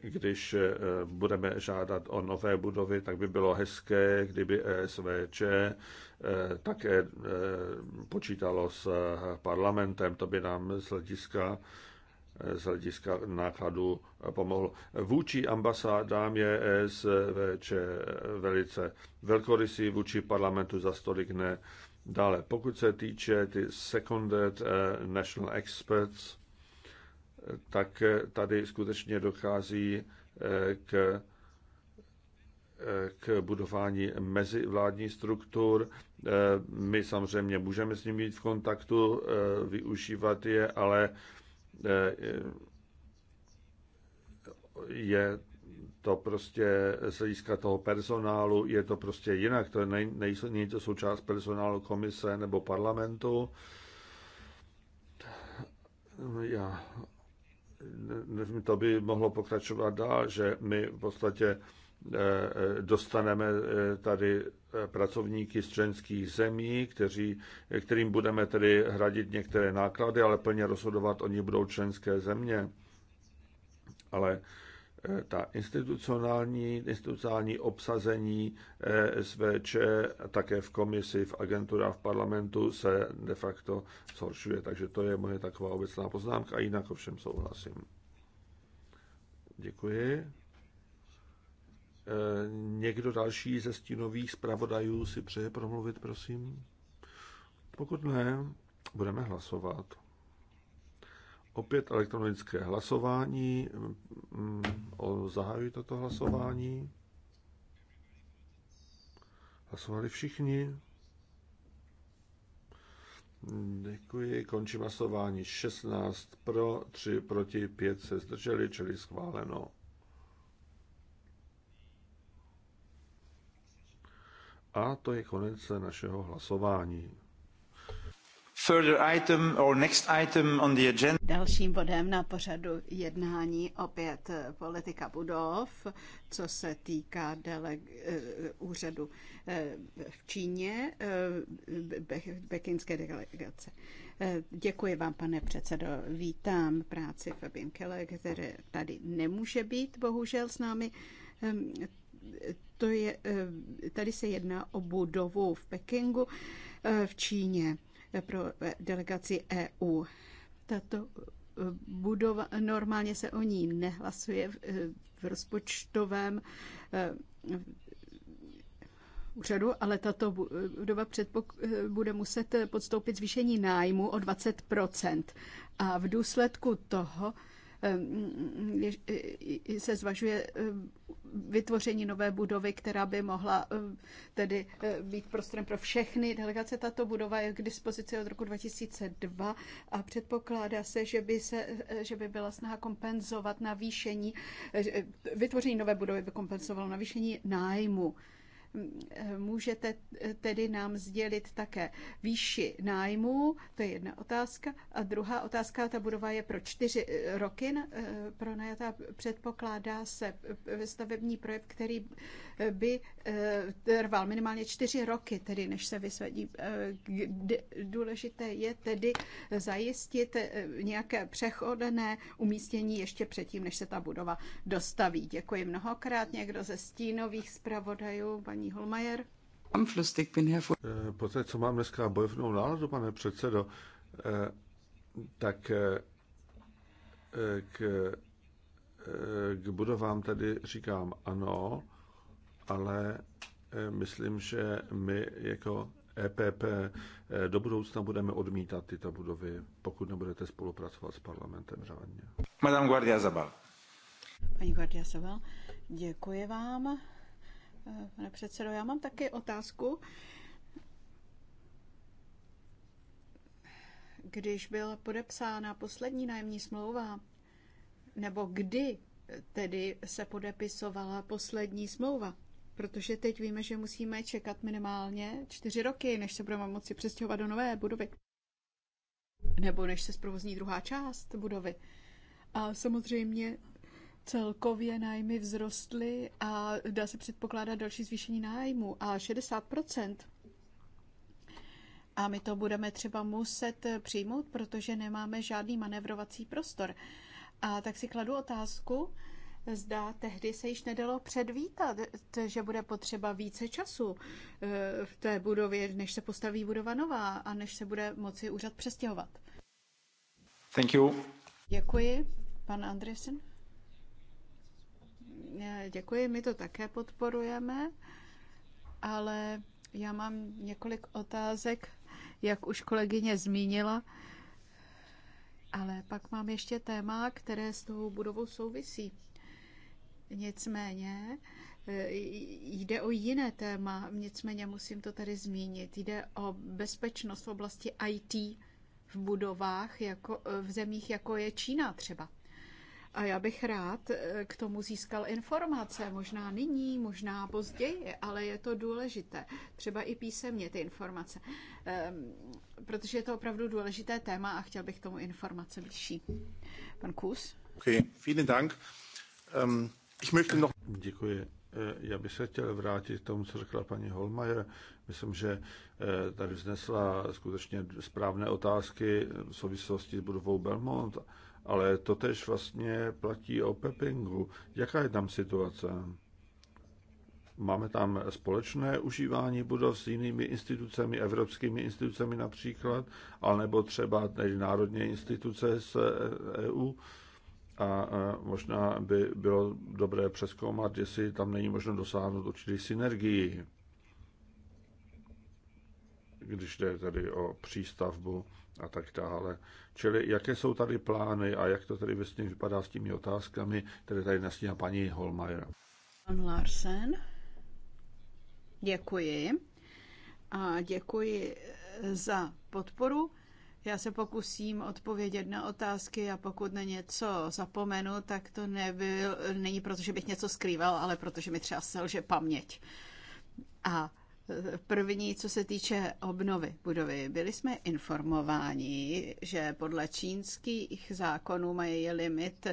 když budeme žádat o nové budovy, tak by bylo hezké, kdyby ESVČ také počítalo s parlamentem. To by nám z hlediska z hlediska nákladu pomohl. Vůči ambasádám je SVČ velice velkorysý, vůči parlamentu za stolik ne. Dále, pokud se týče ty seconded eh, national experts, tak eh, tady skutečně dochází eh, k, k budování mezivládní struktur. My samozřejmě můžeme s nimi být v kontaktu, využívat je, ale Eh, je to prostě z hlediska toho personálu, je to prostě jinak, to nej, nej, není to součást personálu komise nebo parlamentu. Já nevím, to by mohlo pokračovat dál, že my v podstatě Eh, eh, dostaneme eh, tady pracovníky z členských zemí, kteří, kterým budeme tedy hradit některé náklady, ale plně rozhodovat oni budou členské země. Ale ta institucionální, institucionální obsazení SVČ také v komisi, v agentura, v parlamentu se de facto zhoršuje. Takže to je moje taková obecná poznámka a jinak ovšem souhlasím. Děkuji. Eh, někdo další ze stínových zpravodajů si přeje promluvit, prosím? Pokud ne, budeme hlasovat. Opět elektronické hlasování. Mm, zahajuji toto hlasování. Hlasovali všichni. Děkuji. Končím hlasování 16 pro, 3 proti, 5 se zdrželi, čili schváleno. A to je konec našeho hlasování. Item or next item on the agenda. Dalším bodem na pořadu jednání opět eh, politika budov, co se týká dele, uh, eh, úřadu uh, v Číně, uh, bekinské delegace. delegace. Děkuji vám, pane předsedo. Vítám práci Fabien Kele, který tady nemůže být bohužel s námi. Um, to je, eh, tady se jedná o budovu v Pekingu eh, v Číně eh, pro delegaci EU. Tato budova, normálně se o ní nehlasuje v, v rozpočtovém úřadu, ale tato budova předpok- bude muset podstoupit zvýšení nájmu o 20 A v důsledku toho se zvažuje vytvoření nové budovy, která by mohla eh, tedy eh, být prostorem pro všechny delegace. Tato budova je k dispozici od roku 2002 a předpokládá se, že by, se, eh, že by byla snaha kompenzovat navýšení, vytvoření nové budovy by kompenzovalo navýšení nájmu. Můžete tedy nám sdělit také výši nájmu, to je jedna otázka. A druhá otázka, ta budova je pro čtyři roky eh, pronajatá. Předpokládá se eh, stavební projekt, který eh, by trval minimálně čtyři roky, tedy než se vysvedí. Důležité je tedy zajistit nějaké přechodné umístění ještě předtím, než se ta budova dostaví. Děkuji mnohokrát. Někdo ze stínových zpravodajů, paní paní Holmajer. Eh, po té, co mám dneska bojovnou náladu, pane předsedo, eh, tak eh, k, k budovám tady říkám ano, ale myslím, že my jako EPP do budoucna budeme odmítat tyto budovy, pokud nebudete spolupracovat s parlamentem řádně. Madame Guardia Zabal. Paní Guardia Zabal, děkuji vám pane předsedo. Já mám taky otázku. Když byla podepsána poslední nájemní smlouva, nebo kdy tedy se podepisovala poslední smlouva? Protože teď víme, že musíme čekat minimálně čtyři roky, než se budeme moci přestěhovat do nové budovy. Nebo než se zprovozní druhá část budovy. A samozřejmě Celkově nájmy vzrostly a dá se předpokládat další zvýšení nájmu a 60 a my to budeme třeba muset přijmout, protože nemáme žádný manevrovací prostor. A tak si kladu otázku, zda tehdy se již nedalo předvítat, že bude potřeba více času eh, v té budově, než se postaví budova nová a než se bude moci úřad přestěhovat. Thank you. Děkuji. Pan Andresen? Eh, děkuji, my to také podporujeme, ale já mám několik otázek, jak už kolegyně zmínila, ale pak mám ještě téma, které s tou budovou souvisí. Nicméně eh, jde o jiné téma, nicméně musím to tady zmínit. Jde o bezpečnost v oblasti IT v budovách, jako eh, v zemích, jako je Čína třeba. A já bych rád eh, k tomu získal informace, možná nyní, možná později, ale je to důležité. Třeba i písemně ty informace, ehm, protože je to opravdu důležité téma a chtěl bych tomu informace blížší. Pan Kus? Ok, vielen Dank. Um, ich möchte noch... Děkuji. Eh, já bych se chtěl vrátit k tomu, co řekla paní Holmajer. Myslím, že eh, tady vznesla skutečně správné otázky v souvislosti s budovou Belmont ale to tež vlastně platí o Pepingu. Jaká je tam situace? Máme tam společné užívání budov s jinými institucemi, evropskými institucemi například, nebo třeba národní instituce z EU. A e, možná by bylo dobré přeskoumat, jestli tam není možno dosáhnout určitých synergii, když jde tedy o přístavbu a tak dále. Čili jaké jsou tady plány a jak to tady vlastně vypadá s těmi otázkami, které tady nastíhá paní Holmajer. Pan Larsen, děkuji. A děkuji za podporu. Já se pokusím odpovědět na otázky a pokud na něco zapomenu, tak to nebyl, není proto, že bych něco skrýval, ale protože mi třeba selže paměť. A První, co se týče obnovy budovy, byli jsme informováni, že podle čínských zákonů mají limit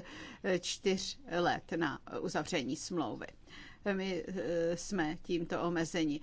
eh, čtyř let na uzavření smlouvy. My eh, jsme tímto omezení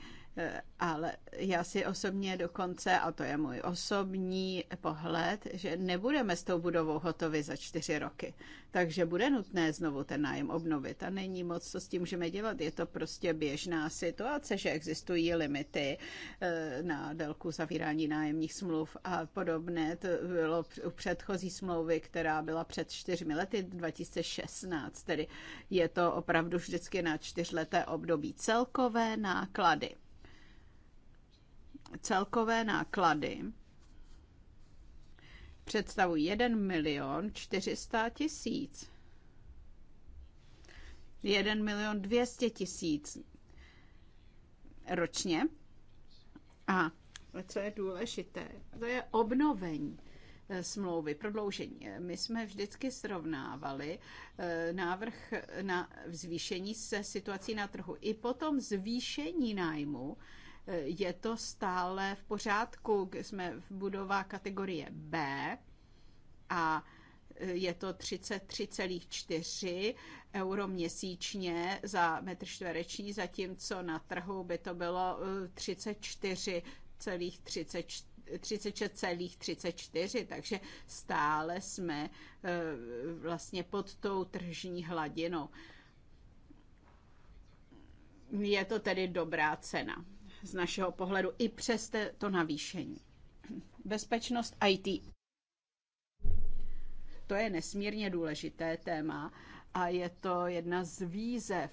ale já si osobně dokonce, a to je můj osobní pohled, že nebudeme s tou budovou hotovi za čtyři roky. Takže bude nutné znovu ten nájem obnovit a není moc, co s tím můžeme dělat. Je to prostě běžná situace, že existují limity eh, na délku zavírání nájemních smluv a podobné. To bylo u předchozí smlouvy, která byla před čtyřmi lety, 2016. Tedy je to opravdu vždycky na čtyřleté období celkové náklady celkové náklady představují 1 milion 400 tisíc. 1 milion 200 tisíc ročně. A co je důležité, to je obnovení eh, smlouvy, prodloužení. My jsme vždycky srovnávali eh, návrh na zvýšení se situací na trhu. I potom zvýšení nájmu je to stále v pořádku. Jsme v budova kategorie B a je to 33,4 euro měsíčně za metr čtvereční, zatímco na trhu by to bylo 36,34, eh, takže stále jsme eh, vlastně pod tou tržní hladinou. Je to tedy dobrá cena z našeho pohledu i přes to navýšení. Bezpečnost IT. To je nesmírně důležité téma a je to jedna z výzev.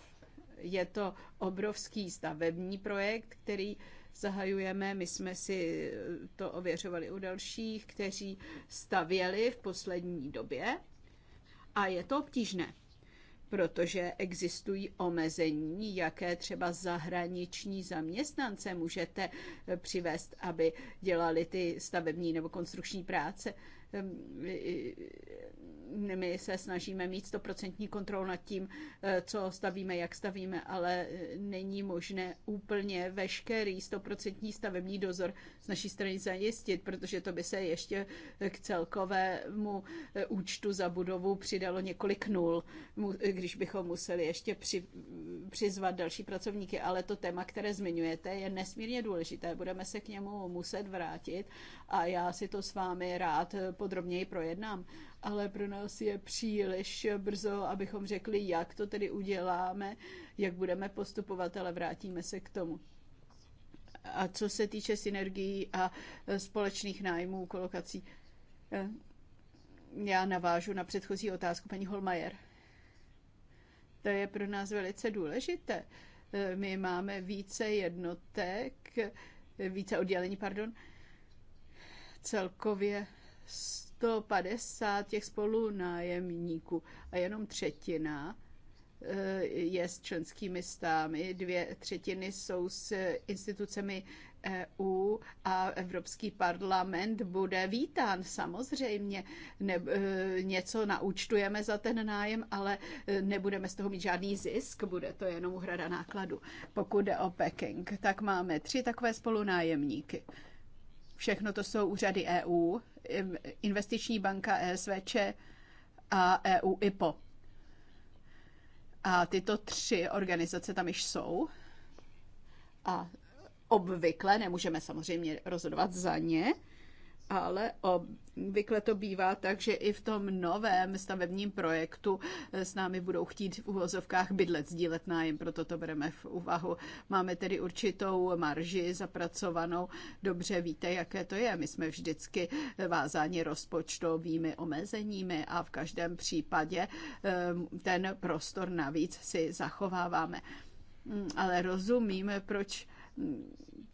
Je to obrovský stavební projekt, který zahajujeme. My jsme si to ověřovali u dalších, kteří stavěli v poslední době. A je to obtížné protože existují omezení, jaké třeba zahraniční zaměstnance můžete přivést, aby dělali ty stavební nebo konstrukční práce. Ehm, my se snažíme mít stoprocentní kontrolu nad tím, eh, co stavíme, jak stavíme, ale eh, není možné úplně veškerý stoprocentní stavební dozor z naší strany zajistit, protože to by se ještě eh, k celkovému účtu za budovu přidalo několik nul, když bychom museli ještě při, přizvat další pracovníky. Ale to téma, které zmiňujete, je nesmírně důležité. Budeme se k němu muset vrátit a já si to s vámi rád podrobněji projednám, ale pro nás je příliš brzo, abychom řekli, jak to tedy uděláme, jak budeme postupovat, ale vrátíme se k tomu. A co se týče synergií a e, společných nájmů, kolokací, e, já navážu na předchozí otázku paní Holmajer. To je pro nás velice důležité. E, my máme více jednotek, více oddělení, pardon. Celkově 150 těch spolunájemníků a jenom třetina eh, je s členskými stámy, dvě třetiny jsou s institucemi EU a Evropský parlament bude vítán. Samozřejmě ne, eh, něco naučtujeme za ten nájem, ale eh, nebudeme z toho mít žádný zisk, bude to jenom uhrada nákladu. Pokud jde o Peking, tak máme tři takové spolunájemníky. Všechno to jsou úřady EU, investiční banka ESVČ a EU IPO. A tyto tři organizace tam již jsou. A obvykle nemůžeme samozřejmě rozhodovat za ně, ale obvykle to bývá tak, že i v tom novém stavebním projektu eh, s námi budou chtít v uvozovkách bydlet, sdílet nájem, proto to bereme v úvahu. Máme tedy určitou marži zapracovanou. Dobře víte, jaké to je. My jsme vždycky vázáni rozpočtovými omezeními a v každém případě eh, ten prostor navíc si zachováváme. Hmm, ale rozumíme, proč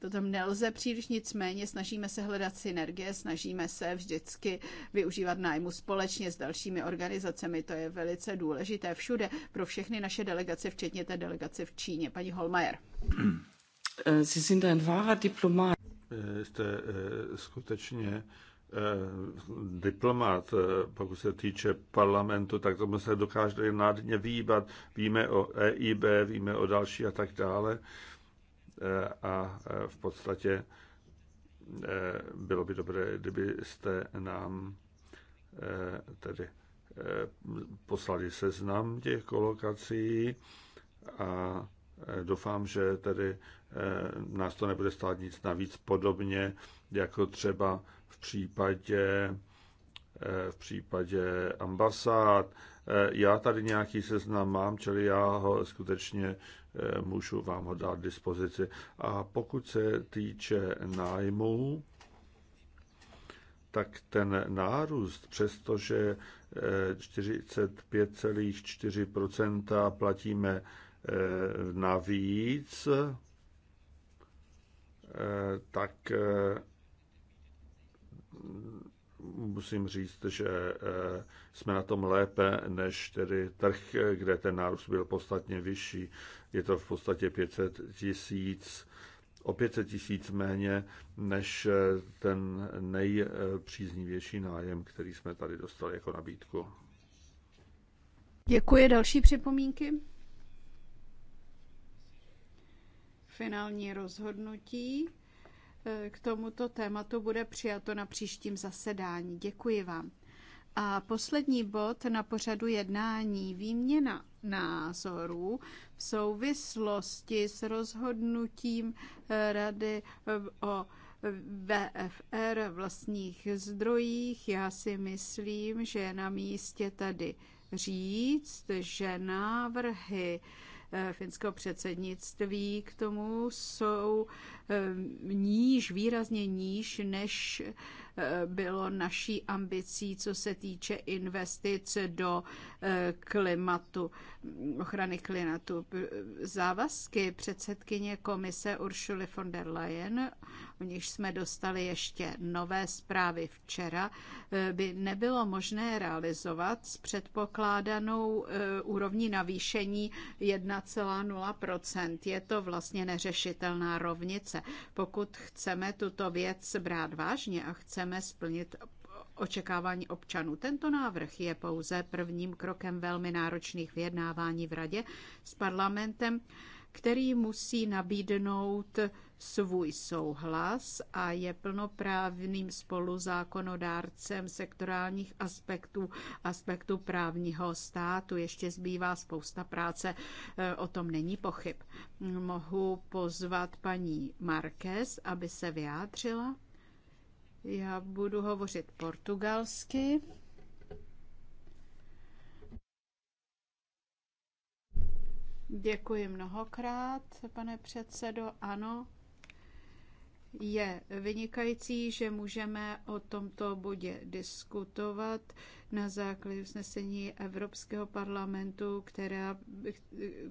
to tam nelze příliš nicméně, snažíme se hledat synergie, snažíme se vždycky využívat nájmu společně s dalšími organizacemi. To je velice důležité všude pro všechny naše delegace, včetně té delegace v Číně. Paní Holmajer. Eh, Sie sind ein wahrer Diplomat. Eh, jste eh, skutečně diplomat, pokud se týče parlamentu, tak tomu se dokáže nádherně výbat. Víme o EIB, víme o další a tak dále a v podstatě e, bylo by dobré, kdybyste nám e, tedy e, poslali seznam těch kolokací a doufám, že tedy nás to nebude stát nic navíc podobně, jako třeba v případě v případě ambasád. Já tady nějaký seznam mám, čili já ho skutečně Eh, můžu vám ho dát dispozici. A pokud se týče nájmu, tak ten nárůst, přestože 45,4% eh, platíme eh, navíc, tak musím říct, že jsme na tom lépe než tedy trh, kde ten nárůst byl podstatně vyšší je to v podstatě 500 tisíc, o 500 tisíc méně než eh, ten nejpříznivější nájem, který jsme tady dostali jako nabídku. Děkuji. Další připomínky? Finální rozhodnutí eh, k tomuto tématu bude přijato na příštím zasedání. Děkuji vám. A poslední bod na pořadu jednání výměna názorů v souvislosti s rozhodnutím eh, Rady eh, o VFR vlastních zdrojích. Já si myslím, že je na místě tady říct, že návrhy eh, finského předsednictví k tomu jsou Eh, níž, výrazně níž, než eh, bylo naší ambicí, co se týče investic do eh, klimatu, ochrany klimatu. Závazky předsedkyně komise Uršuly von der Leyen, o níž jsme dostali ještě nové zprávy včera, by nebylo možné realizovat s předpokládanou úrovní navýšení 1,0%. Je to vlastně neřešitelná rovnice. Pokud chceme tuto věc brát vážně a chceme splnit očekávání občanů. Tento návrh je pouze prvním krokem velmi náročných vyjednávání v Radě s parlamentem který musí nabídnout svůj souhlas a je plnoprávným spoluzákonodárcem sektorálních aspektů, aspektu právního státu. Ještě zbývá spousta práce, eh, o tom není pochyb. Mohu pozvat paní Marquez, aby se vyjádřila. Já budu hovořit portugalsky. Děkuji mnohokrát, pane předsedo. Ano, je vynikající, že můžeme o tomto bodě diskutovat na základě usnesení Evropského parlamentu, která,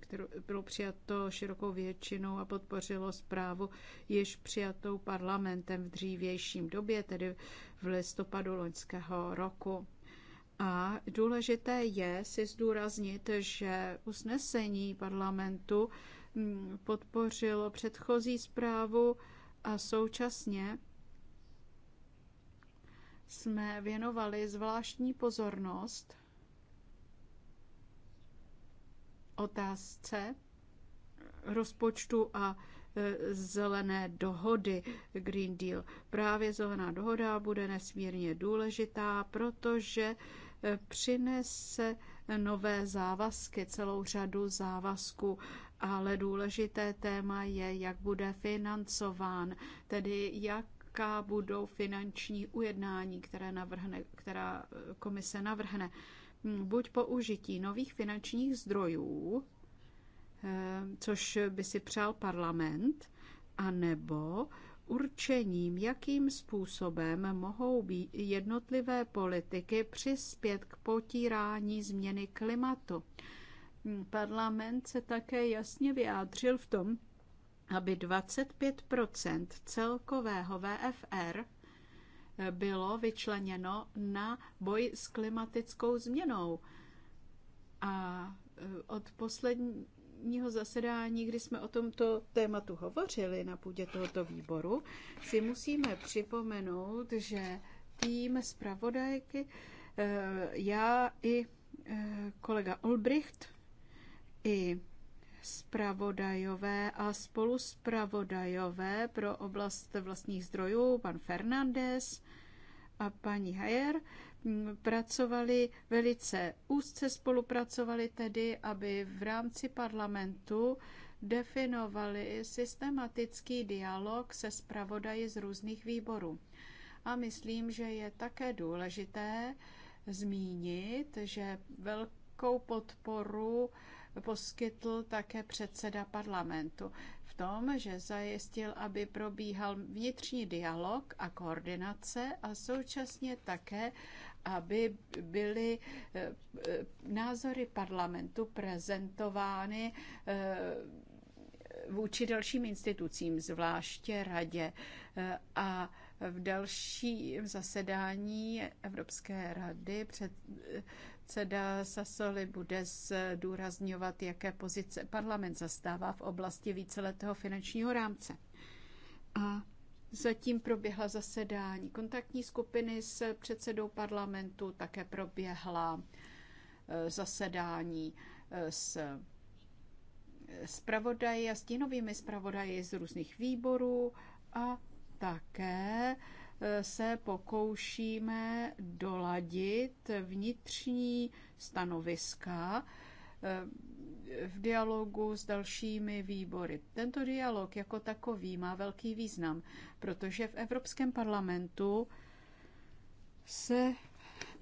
kterou bylo přijato širokou většinou a podpořilo zprávu již přijatou parlamentem v dřívějším době, tedy v listopadu loňského roku. A důležité je si zdůraznit, že usnesení parlamentu mm, podpořilo předchozí zprávu a současně jsme věnovali zvláštní pozornost otázce rozpočtu a e, zelené dohody Green Deal. Právě zelená dohoda bude nesmírně důležitá, protože přinese nové závazky, celou řadu závazků, ale důležité téma je, jak bude financován, tedy jak jaká budou finanční ujednání, které navrhne, která eh, komise navrhne. Hmm, buď použití nových finančních zdrojů, eh, což by si přál parlament, anebo určením, jakým způsobem mohou být jednotlivé politiky přispět k potírání změny klimatu. Parlament se také jasně vyjádřil v tom, aby 25 celkového VFR bylo vyčleněno na boj s klimatickou změnou. A e, od poslední posledního zasedání, kdy jsme o tomto tématu hovořili na půdě tohoto výboru, si musíme připomenout, že tým zpravodajky, eh, já i eh, kolega Olbricht, i zpravodajové a zpravodajové pro oblast vlastních zdrojů, pan Fernandez a paní Hayer pracovali velice úzce, spolupracovali tedy, aby v rámci parlamentu definovali systematický dialog se zpravodaji z různých výborů. A myslím, že je také důležité zmínit, že velkou podporu poskytl také předseda parlamentu v tom, že zajistil, aby probíhal vnitřní dialog a koordinace a současně také, aby byly eh, eh, názory parlamentu prezentovány eh, vůči dalším institucím, zvláště radě. A v dalším zasedání Evropské rady předseda Sasoli bude zdůrazňovat, jaké pozice parlament zastává v oblasti víceletého finančního rámce. A Zatím proběhla zasedání kontaktní skupiny s předsedou parlamentu, také proběhla e, zasedání e, s e, zpravodaji a stínovými zpravodaji z různých výborů a také se pokoušíme doladit vnitřní stanoviska v dialogu s dalšími výbory. Tento dialog jako takový má velký význam, protože v Evropském parlamentu se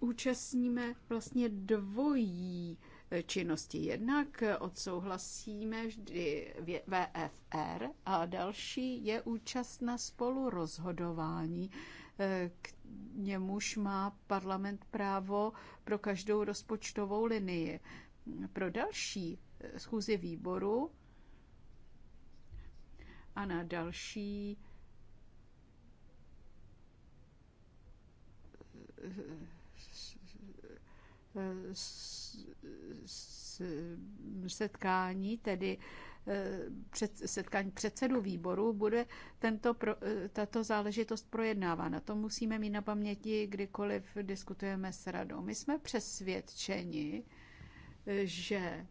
účastníme vlastně dvojí eh, činnosti. Jednak odsouhlasíme vždy VFR a další je účast na spolurozhodování, eh, k němuž má parlament právo pro každou rozpočtovou linii pro další eh, schůzi výboru a na další eh, setkání, tedy eh, před, setkání předsedu výboru, bude tento pro, tato záležitost projednávána. To musíme mít na paměti, kdykoliv diskutujeme s radou. My jsme přesvědčeni, že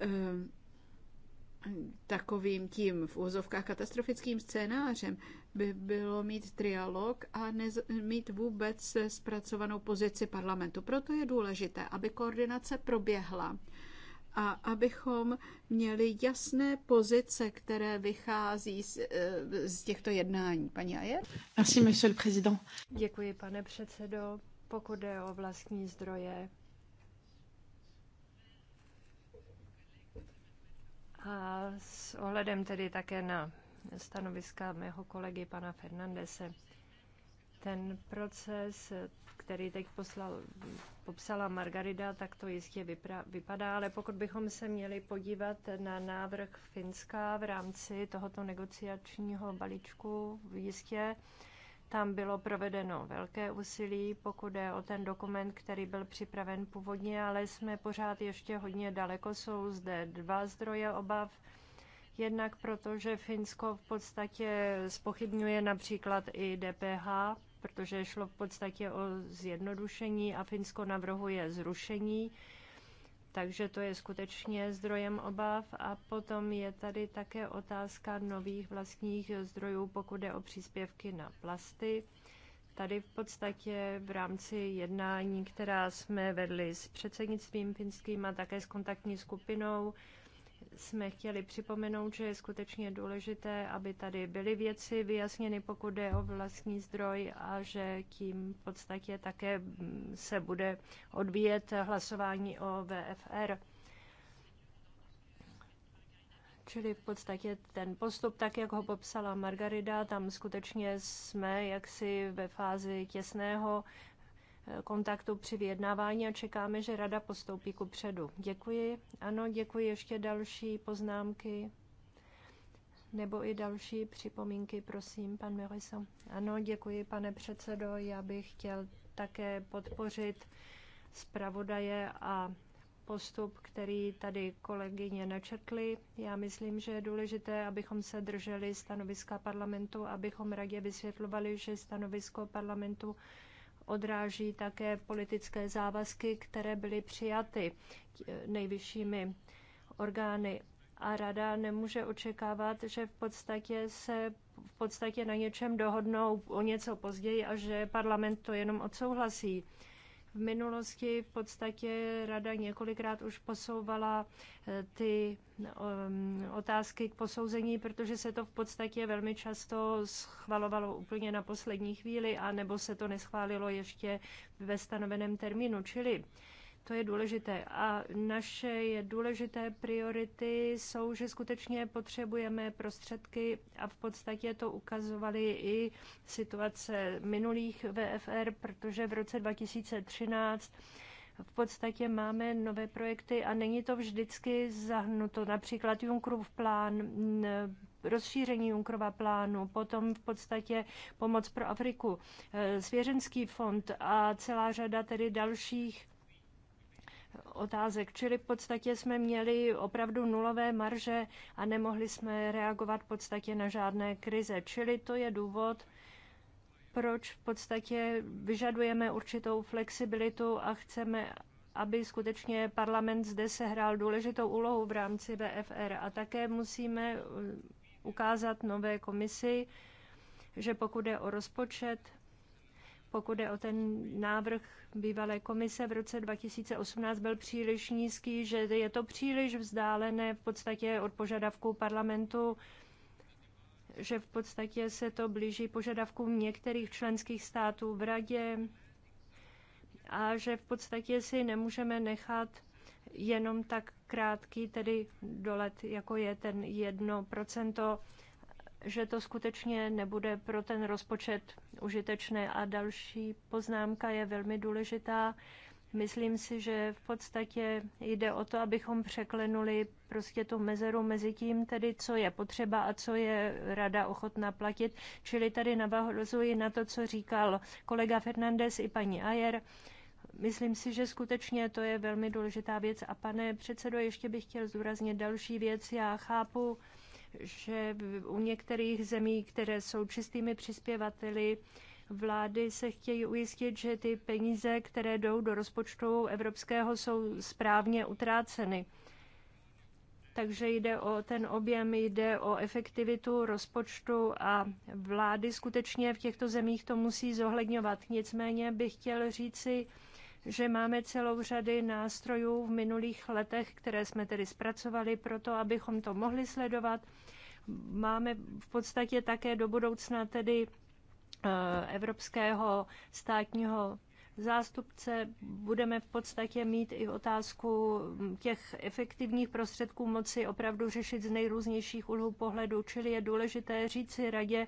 eh, takovým tím v úzovkách katastrofickým scénářem by bylo mít trialog a nez, mít vůbec zpracovanou pozici parlamentu. Proto je důležité, aby koordinace proběhla a abychom měli jasné pozice, které vychází z, eh, z těchto jednání. Paní Ajer? Merci, monsieur le président. Děkuji, pane předsedo pokud jde o vlastní zdroje. A s ohledem tedy také na stanoviska mého kolegy pana Fernandese, ten proces, který teď poslal, popsala Margarida, tak to jistě vypra, vypadá, ale pokud bychom se měli podívat na návrh Finska v rámci tohoto negociačního balíčku, jistě tam bylo provedeno velké úsilí, pokud je o ten dokument, který byl připraven původně, ale jsme pořád ještě hodně daleko. Jsou zde dva zdroje obav. Jednak proto, že Finsko v podstatě spochybňuje například i DPH, protože šlo v podstatě o zjednodušení a Finsko navrhuje zrušení takže to je skutečně zdrojem obav. A potom je tady také otázka nových vlastních zdrojů, pokud jde o příspěvky na plasty. Tady v podstatě v rámci jednání, která jsme vedli s předsednictvím finským a také s kontaktní skupinou, jsme chtěli připomenout, že je skutečně důležité, aby tady byly věci vyjasněny, pokud jde o vlastní zdroj a že tím v podstatě také mm, se bude odvíjet hlasování o VFR. Čili v podstatě ten postup, tak jak ho popsala Margarida, tam skutečně jsme jaksi ve fázi těsného kontaktu při vyjednávání a čekáme, že rada postoupí ku předu. Děkuji. Ano, děkuji. Ještě další poznámky nebo i další připomínky, prosím, pan Miriso. Ano, děkuji, pane předsedo. Já bych chtěl také podpořit zpravodaje a postup, který tady kolegyně načetly. Já myslím, že je důležité, abychom se drželi stanoviska parlamentu, abychom radě vysvětlovali, že stanovisko parlamentu odráží také politické závazky, které byly přijaty nejvyššími orgány. A rada nemůže očekávat, že v podstatě se v podstatě na něčem dohodnou o něco později a že parlament to jenom odsouhlasí. V minulosti v podstatě rada několikrát už posouvala eh, ty ehm, otázky k posouzení, protože se to v podstatě velmi často schvalovalo úplně na poslední chvíli, a nebo se to neschválilo ještě ve stanoveném termínu. Čili to je důležité. A naše je důležité priority jsou, že skutečně potřebujeme prostředky a v podstatě to ukazovaly i situace minulých VFR, protože v roce 2013 v podstatě máme nové projekty a není to vždycky zahnuto. Například Junkrův plán, rozšíření Junkrova plánu, potom v podstatě pomoc pro Afriku, e, svěřenský fond a celá řada tedy dalších otázek. Čili v podstatě jsme měli opravdu nulové marže a nemohli jsme reagovat v podstatě na žádné krize. Čili to je důvod, proč v podstatě vyžadujeme určitou flexibilitu a chceme, aby skutečně parlament zde sehrál důležitou úlohu v rámci BFR. A také musíme uh, ukázat nové komisi, že pokud je o rozpočet, pokud je o ten návrh bývalé komise v roce 2018, byl příliš nízký, že je to příliš vzdálené v podstatě od požadavků parlamentu, že v podstatě se to blíží požadavkům některých členských států v radě a že v podstatě si nemůžeme nechat jenom tak krátký, tedy dolet, jako je ten jedno procento že to skutečně nebude pro ten rozpočet užitečné. A další poznámka je velmi důležitá. Myslím si, že v podstatě jde o to, abychom překlenuli prostě tu mezeru mezi tím, tedy co je potřeba a co je rada ochotná platit. Čili tady navazuji na to, co říkal kolega Fernandez i paní Ayer. Myslím si, že skutečně to je velmi důležitá věc. A pane předsedo, ještě bych chtěl zdůraznit další věc. Já chápu, že u některých zemí, které jsou čistými přispěvateli, vlády se chtějí ujistit, že ty peníze, které jdou do rozpočtu evropského, jsou správně utráceny. Takže jde o ten objem, jde o efektivitu rozpočtu a vlády skutečně v těchto zemích to musí zohledňovat. Nicméně bych chtěl říci, že máme celou řady nástrojů v minulých letech, které jsme tedy zpracovali to, abychom to mohli sledovat. Máme v podstatě také do budoucna tedy eh, evropského státního zástupce budeme v podstatě mít i otázku hm, těch efektivních prostředků moci opravdu řešit z nejrůznějších úhlů pohledu, čili je důležité říci radě,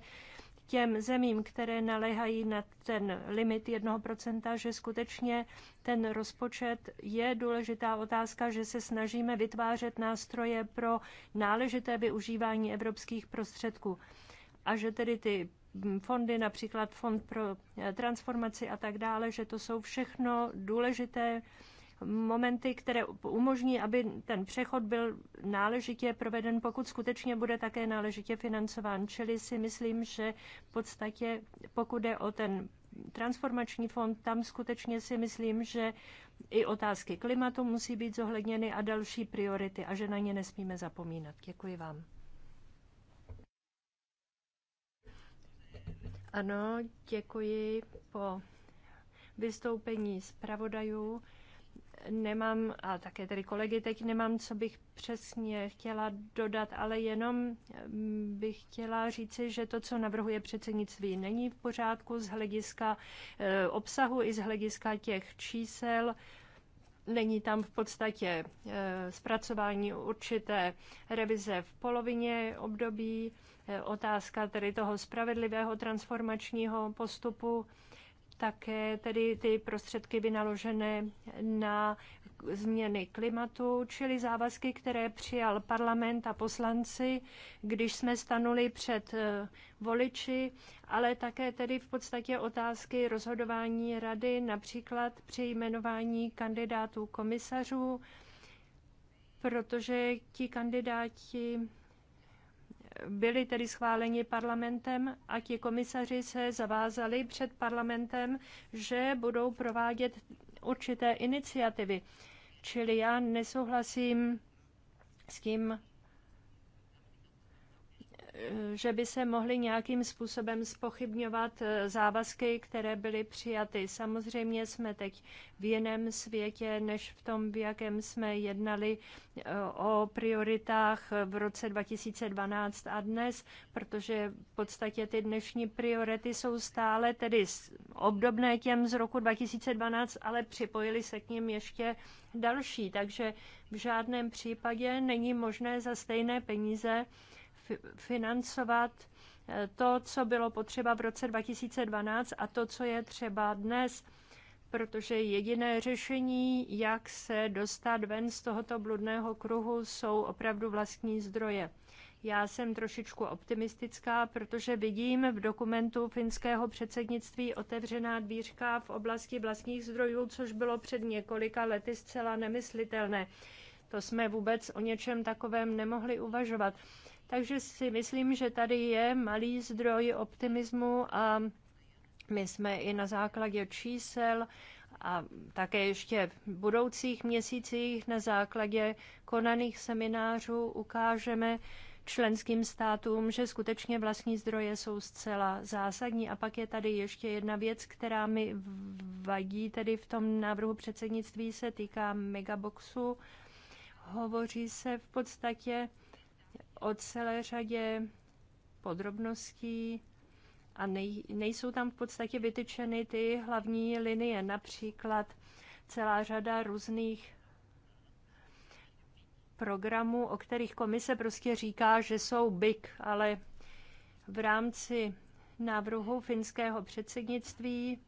těm zemím, které naléhají na ten limit 1%, že skutečně ten rozpočet je důležitá otázka, že se snažíme vytvářet nástroje pro náležité využívání evropských prostředků a že tedy ty fondy, například Fond pro transformaci a tak dále, že to jsou všechno důležité momenty, které umožní, aby ten přechod byl náležitě proveden, pokud skutečně bude také náležitě financován. Čili si myslím, že v podstatě, pokud je o ten transformační fond, tam skutečně si myslím, že i otázky klimatu musí být zohledněny a další priority a že na ně nesmíme zapomínat. Děkuji vám. Ano, děkuji po vystoupení zpravodajů nemám, a také tedy kolegy, teď nemám, co bych přesně chtěla dodat, ale jenom mm, bych chtěla říci, že to, co navrhuje předsednictví, není v pořádku z hlediska e, obsahu i z hlediska těch čísel. Není tam v podstatě e, zpracování určité revize v polovině období, e, otázka tedy toho spravedlivého transformačního postupu také tedy ty prostředky vynaložené na změny klimatu, čili závazky, které přijal parlament a poslanci, když jsme stanuli před eh, voliči, ale také tedy v podstatě otázky rozhodování rady, například při jmenování kandidátů komisařů, protože ti kandidáti byli tedy schváleni parlamentem a ti komisaři se zavázali před parlamentem, že budou provádět určité iniciativy. Čili já nesouhlasím s tím že by se mohly nějakým způsobem spochybňovat eh, závazky, které byly přijaty. Samozřejmě jsme teď v jiném světě, než v tom, v jakém jsme jednali eh, o prioritách v roce 2012 a dnes, protože v podstatě ty dnešní priority jsou stále tedy obdobné těm z roku 2012, ale připojili se k ním ještě další. Takže v žádném případě není možné za stejné peníze financovat eh, to, co bylo potřeba v roce 2012 a to, co je třeba dnes, protože jediné řešení, jak se dostat ven z tohoto bludného kruhu, jsou opravdu vlastní zdroje. Já jsem trošičku optimistická, protože vidím v dokumentu finského předsednictví otevřená dvířka v oblasti vlastních zdrojů, což bylo před několika lety zcela nemyslitelné. To jsme vůbec o něčem takovém nemohli uvažovat. Takže si myslím, že tady je malý zdroj optimismu a my jsme i na základě čísel a také ještě v budoucích měsících na základě konaných seminářů ukážeme členským státům, že skutečně vlastní zdroje jsou zcela zásadní. A pak je tady ještě jedna věc, která mi vadí tedy v tom návrhu předsednictví, se týká megaboxu Hovoří se v podstatě o celé řadě podrobností a nej, nejsou tam v podstatě vytyčeny ty hlavní linie, například celá řada různých programů, o kterých komise prostě říká, že jsou big, ale v rámci návrhu finského předsednictví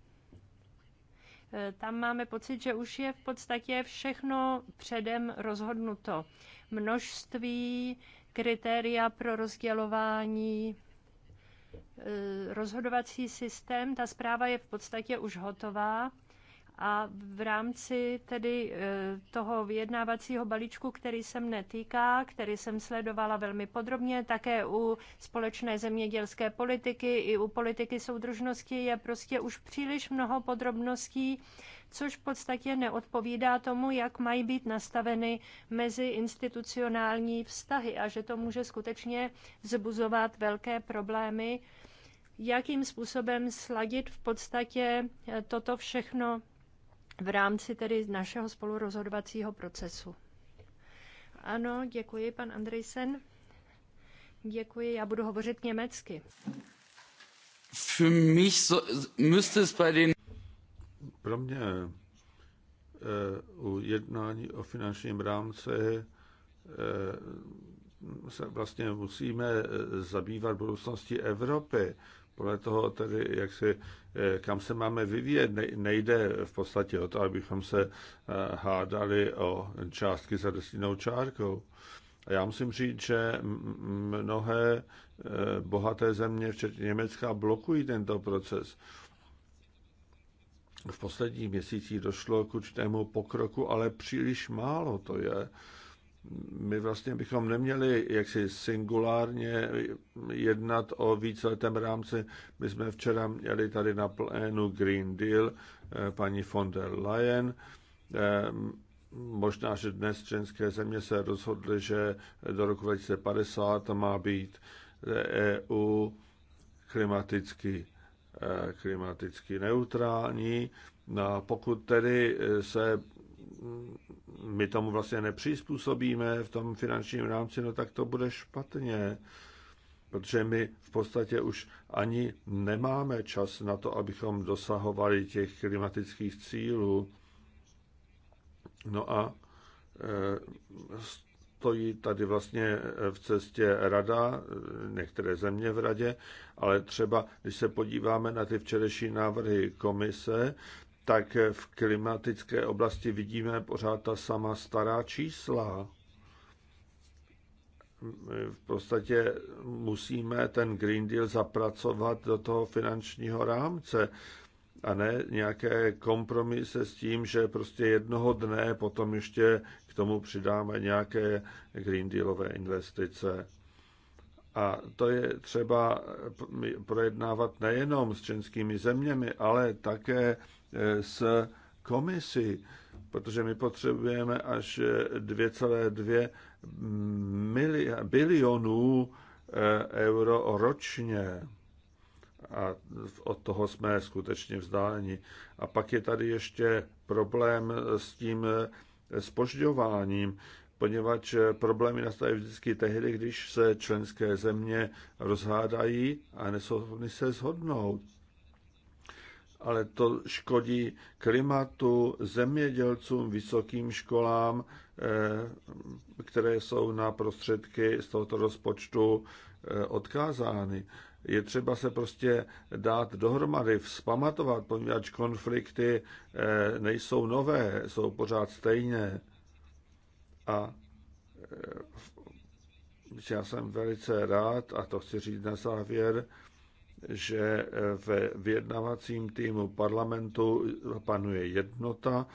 tam máme pocit, že už je v podstatě všechno předem rozhodnuto. Množství, kritéria pro rozdělování, eh, rozhodovací systém, ta zpráva je v podstatě už hotová a v rámci tedy eh, toho vyjednávacího balíčku, který se mne týká, který jsem sledovala velmi podrobně, také u společné zemědělské politiky i u politiky soudržnosti je prostě už příliš mnoho podrobností, což v podstatě neodpovídá tomu, jak mají být nastaveny mezi institucionální vztahy a že to může skutečně zbuzovat velké problémy, jakým způsobem sladit v podstatě eh, toto všechno v rámci tedy našeho spolurozhodovacího procesu. Ano, děkuji, pan Andrejsen. Děkuji, já budu hovořit německy. Für mich bei den... Pro mě eh, u jednání o finančním rámci eh, se vlastně musíme eh, zabývat budoucností Evropy podle toho tedy, jak si, eh, kam se máme vyvíjet, nejde v podstatě o to, abychom se eh, hádali o částky za desinou čárkou. A já musím říct, že mnohé eh, bohaté země, včetně Německa, blokují tento proces. V posledních měsících došlo k určitému pokroku, ale příliš málo to je my vlastně bychom neměli jaksi singulárně jednat o víceletém rámci. My jsme včera měli tady na plénu Green Deal eh, paní von der Leyen. Eh, možná, že dnes členské země se rozhodly, že do roku 2050 má být EU eh, e klimaticky, klimaticky neutrální. No a pokud tedy se my tomu vlastně nepřizpůsobíme v tom finančním rámci, no tak to bude špatně, protože my v podstatě už ani nemáme čas na to, abychom dosahovali těch klimatických cílů. No a e, stojí tady vlastně v cestě rada, některé země v radě, ale třeba, když se podíváme na ty včerejší návrhy komise, tak v klimatické oblasti vidíme pořád ta sama stará čísla. V podstatě musíme ten Green Deal zapracovat do toho finančního rámce a ne nějaké kompromise s tím, že prostě jednoho dne potom ještě k tomu přidáme nějaké Green Dealové investice. A to je třeba projednávat nejenom s českými zeměmi, ale také s komisí, protože my potřebujeme až 2,2 bilionů eh, euro ročně. A od toho jsme skutečně vzdáleni. A pak je tady ještě problém s tím spožďováním, eh, poněvadž eh, problémy nastávají vždycky tehdy, když se členské země rozhádají a nesohny se shodnout ale to škodí klimatu, zemědělcům, vysokým školám, eh, které jsou na prostředky z tohoto rozpočtu eh, odkázány. Je třeba se prostě dát dohromady, vzpamatovat, poněvadž konflikty eh, nejsou nové, jsou pořád stejné. A já jsem velice rád, a to chci říct na závěr, že eh, ve vyjednavacím týmu parlamentu panuje jednota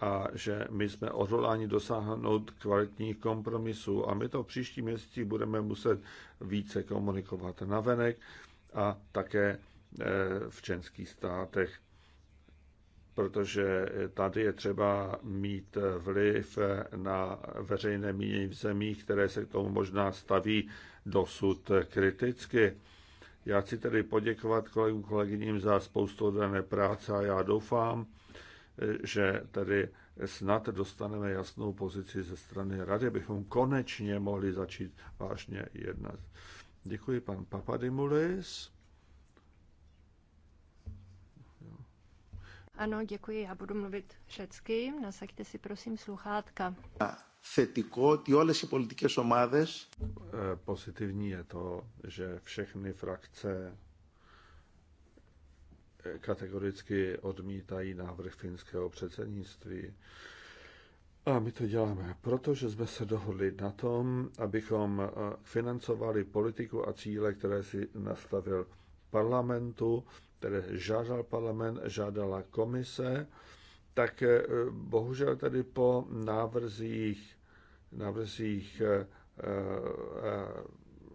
a že my jsme odhodláni dosáhnout kvalitních kompromisů a my to v příští měsíci budeme muset více komunikovat navenek a také eh, v členských státech, protože tady je třeba mít vliv na veřejné mínění v zemích, které se k tomu možná staví dosud kriticky. Já chci tedy poděkovat kolegům kolegyním za spoustu dané práce a já doufám, že tedy snad dostaneme jasnou pozici ze strany rady, abychom konečně mohli začít vážně jednat. Děkuji pan Papadimulis. Ano, děkuji, já budu mluvit řecky. Nasaďte si prosím sluchátka θετικό ότι όλες οι πολιτικές ομάδες... Pozitivní je to, že všechny frakce kategoricky odmítají návrh finského předsednictví. A my to děláme, protože jsme se dohodli na tom, abychom e, financovali politiku a cíle, které si nastavil parlamentu, které žádal parlament, žádala komise, tak e, bohužel tady po návrzích návrzích eh, eh,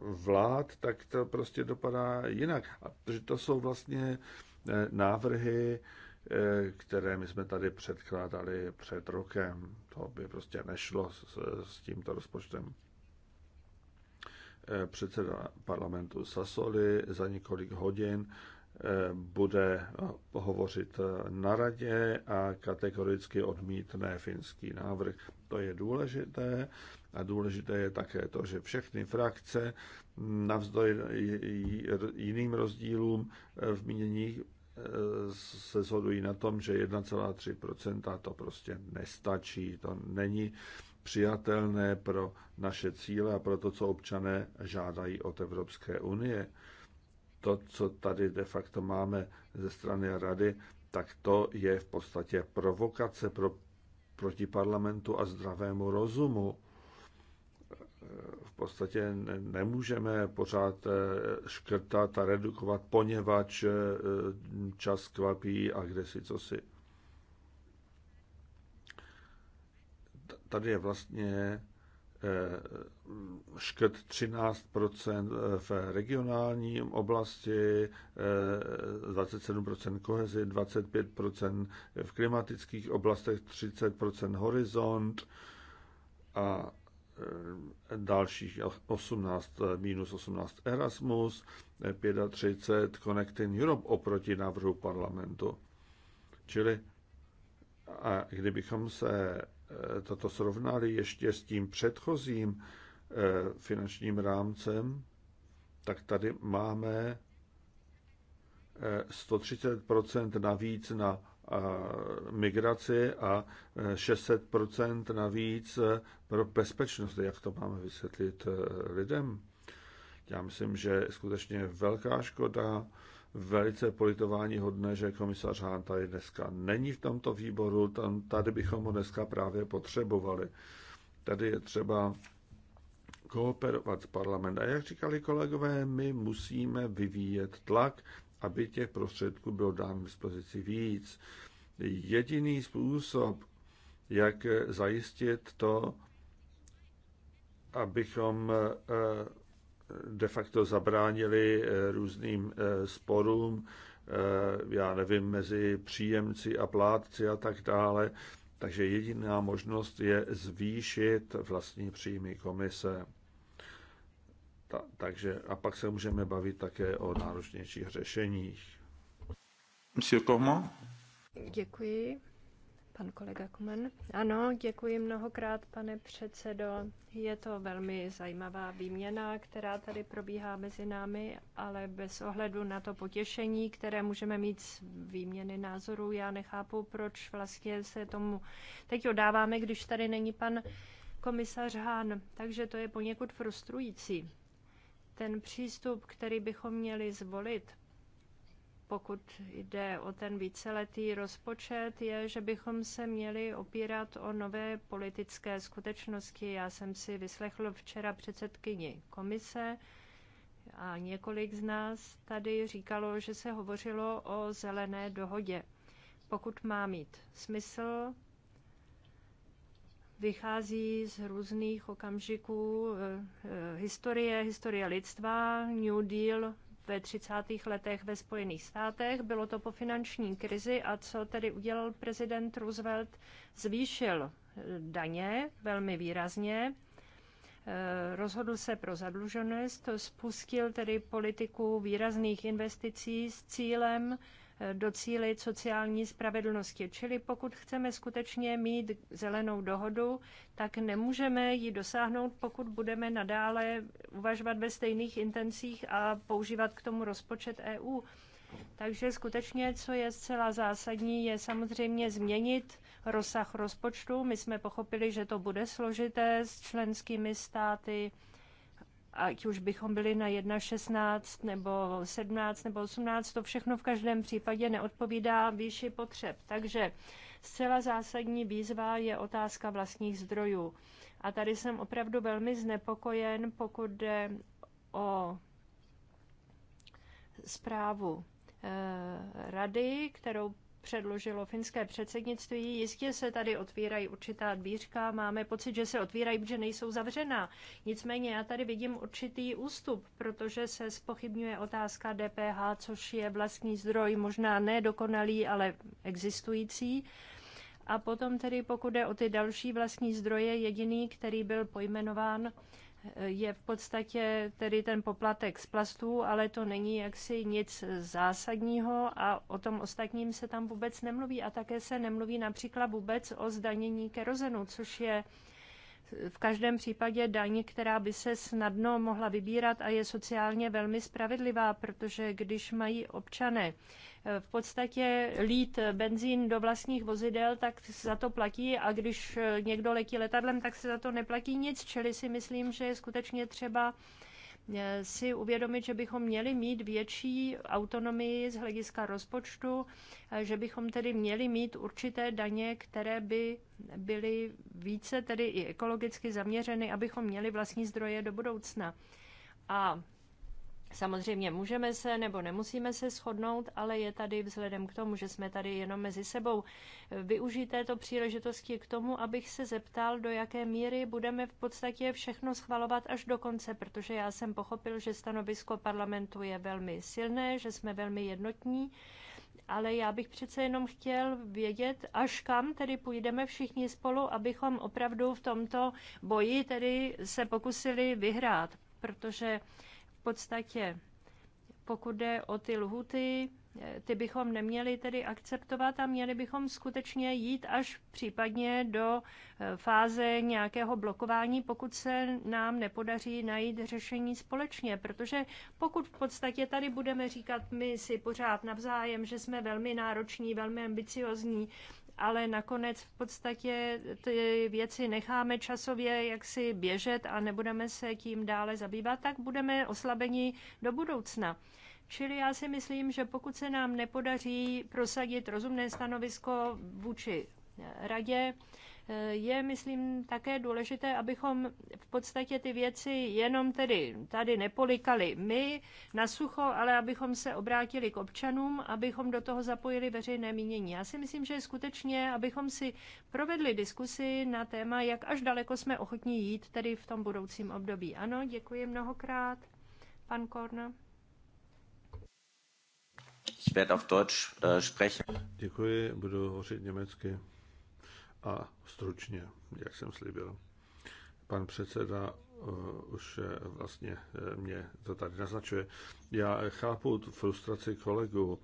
vlád, tak to prostě dopadá jinak. A to jsou vlastně eh, návrhy, které my jsme tady předkládali před rokem. To by prostě nešlo s, s tímto rozpočtem. Předseda parlamentu Sasoli za několik hodin bude hovořit na radě a kategoricky odmítne finský návrh. To je důležité a důležité je také to, že všechny frakce navzdory jiným rozdílům v mínění eh, se shodují na tom, že 1,3% to prostě nestačí. To není přijatelné pro naše cíle a pro to, co občané žádají od Evropské unie to, co tady de facto máme ze strany rady, tak to je v podstatě provokace pro, proti parlamentu a zdravému rozumu. V podstatě nemůžeme pořád eh, škrtat a redukovat, poněvadž eh, čas kvapí a kde si co si. Tady je vlastně Eh, škrt 13 eh, v regionální oblasti, 27 eh, kohezi, 25 v klimatických oblastech, 30 horizont a dalších 18, minus 18 Erasmus, 35 Connecting Europe oproti návrhu parlamentu. Čili a kdybychom se Eh, toto srovnali ještě s tím předchozím eh, finančním rámcem, tak tady máme 130 eh, navíc na migraci a 600 navíc pro bezpečnost. Jak to máme vysvětlit lidem? Já myslím, že skutečně velká škoda, velice politování hodné, že komisař Hán tady dneska není v tomto výboru, tam, tady bychom ho dneska právě potřebovali. Tady je třeba kooperovat s parlamentem. A jak říkali kolegové, my musíme vyvíjet tlak, aby těch prostředků bylo dán k dispozici víc. Jediný způsob, jak zajistit to, abychom eh, de facto zabránili eh, různým eh, sporům, eh, já nevím, mezi příjemci a plátci a tak dále. Takže jediná možnost je zvýšit vlastní příjmy komise. Ta, takže a pak se můžeme bavit také o náročnějších řešeních. Monsieur Cormand? Děkuji. Pan kolega Kumen. Ano, děkuji mnohokrát, pane předsedo. Je to velmi zajímavá výměna, která tady probíhá mezi námi, ale bez ohledu na to potěšení, které můžeme mít z výměny názorů, já nechápu, proč vlastně se tomu teď odáváme, když tady není pan komisař Hán. Takže to je poněkud frustrující. Ten přístup, který bychom měli zvolit, pokud jde o ten víceletý rozpočet, je, že bychom se měli opírat o nové politické skutečnosti. Já jsem si vyslechl včera předsedkyni komise a několik z nás tady říkalo, že se hovořilo o zelené dohodě. Pokud má mít smysl, vychází z různých okamžiků eh, eh, historie, historie lidstva, New Deal ve 30. letech ve Spojených státech. Bylo to po finanční krizi a co tedy udělal prezident Roosevelt? Zvýšil eh, daně velmi výrazně, eh, rozhodl se pro zadluženost, spustil tedy politiku výrazných investicí s cílem docílit sociální spravedlnosti. Čili pokud chceme skutečně mít zelenou dohodu, tak nemůžeme ji dosáhnout, pokud budeme nadále uvažovat ve stejných intencích a používat k tomu rozpočet EU. Takže skutečně, co je zcela zásadní, je samozřejmě změnit rozsah rozpočtu. My jsme pochopili, že to bude složité s členskými státy, ať už bychom byli na 1,16 nebo 17 nebo 18, to všechno v každém případě neodpovídá výši potřeb. Takže zcela zásadní výzva je otázka vlastních zdrojů. A tady jsem opravdu velmi znepokojen, pokud jde o zprávu eh, rady, kterou předložilo finské předsednictví. Jistě se tady otvírají určitá dvířka, máme pocit, že se otvírají, protože nejsou zavřená. Nicméně já tady vidím určitý ústup, protože se spochybňuje otázka DPH, což je vlastní zdroj, možná nedokonalý, ale existující. A potom tedy, pokud jde o ty další vlastní zdroje, jediný, který byl pojmenován, je v podstatě tedy ten poplatek z plastů, ale to není jaksi nic zásadního a o tom ostatním se tam vůbec nemluví. A také se nemluví například vůbec o zdanění kerozenu, což je v každém případě daň, která by se snadno mohla vybírat a je sociálně velmi spravedlivá, protože když mají občané eh, v podstatě lít benzín do vlastních vozidel, tak za to platí a když eh, někdo letí letadlem, tak se za to neplatí nic, čili si myslím, že je skutečně třeba Eh, si uvědomit, že bychom měli mít větší autonomii z hlediska rozpočtu, eh, že bychom tedy měli mít určité daně, které by byly více tedy i ekologicky zaměřeny, abychom měli vlastní zdroje do budoucna. A Samozřejmě můžeme se nebo nemusíme se shodnout, ale je tady vzhledem k tomu, že jsme tady jenom mezi sebou. Využij této příležitosti k tomu, abych se zeptal, do jaké míry budeme v podstatě všechno schvalovat až do konce, protože já jsem pochopil, že stanovisko parlamentu je velmi silné, že jsme velmi jednotní ale já bych přece jenom chtěl vědět, až kam tedy půjdeme všichni spolu, abychom opravdu v tomto boji tedy se pokusili vyhrát, protože podstatě, pokud jde o ty lhuty, eh, ty bychom neměli tedy akceptovat a měli bychom skutečně jít až případně do eh, fáze nějakého blokování, pokud se nám nepodaří najít řešení společně. Protože pokud v podstatě tady budeme říkat my si pořád navzájem, že jsme velmi nároční, velmi ambiciozní, ale nakonec v podstatě ty věci necháme časově jaksi běžet a nebudeme se tím dále zabývat, tak budeme oslabeni do budoucna. Čili já si myslím, že pokud se nám nepodaří prosadit rozumné stanovisko vůči radě, je, myslím, také důležité, abychom v podstatě ty věci jenom tedy tady nepolikali my na sucho, ale abychom se obrátili k občanům, abychom do toho zapojili veřejné mínění. Já si myslím, že skutečně, abychom si provedli diskusi na téma, jak až daleko jsme ochotní jít tedy v tom budoucím období. Ano, děkuji mnohokrát. Pan Korna. Ich werde auf Deutsch äh, sprechen. Děkuji, budu hovořit německy a stručně, jak jsem slíbil. Pan předseda eh, už eh, vlastně eh, mě to tady naznačuje. Já chápu tu frustraci kolegu.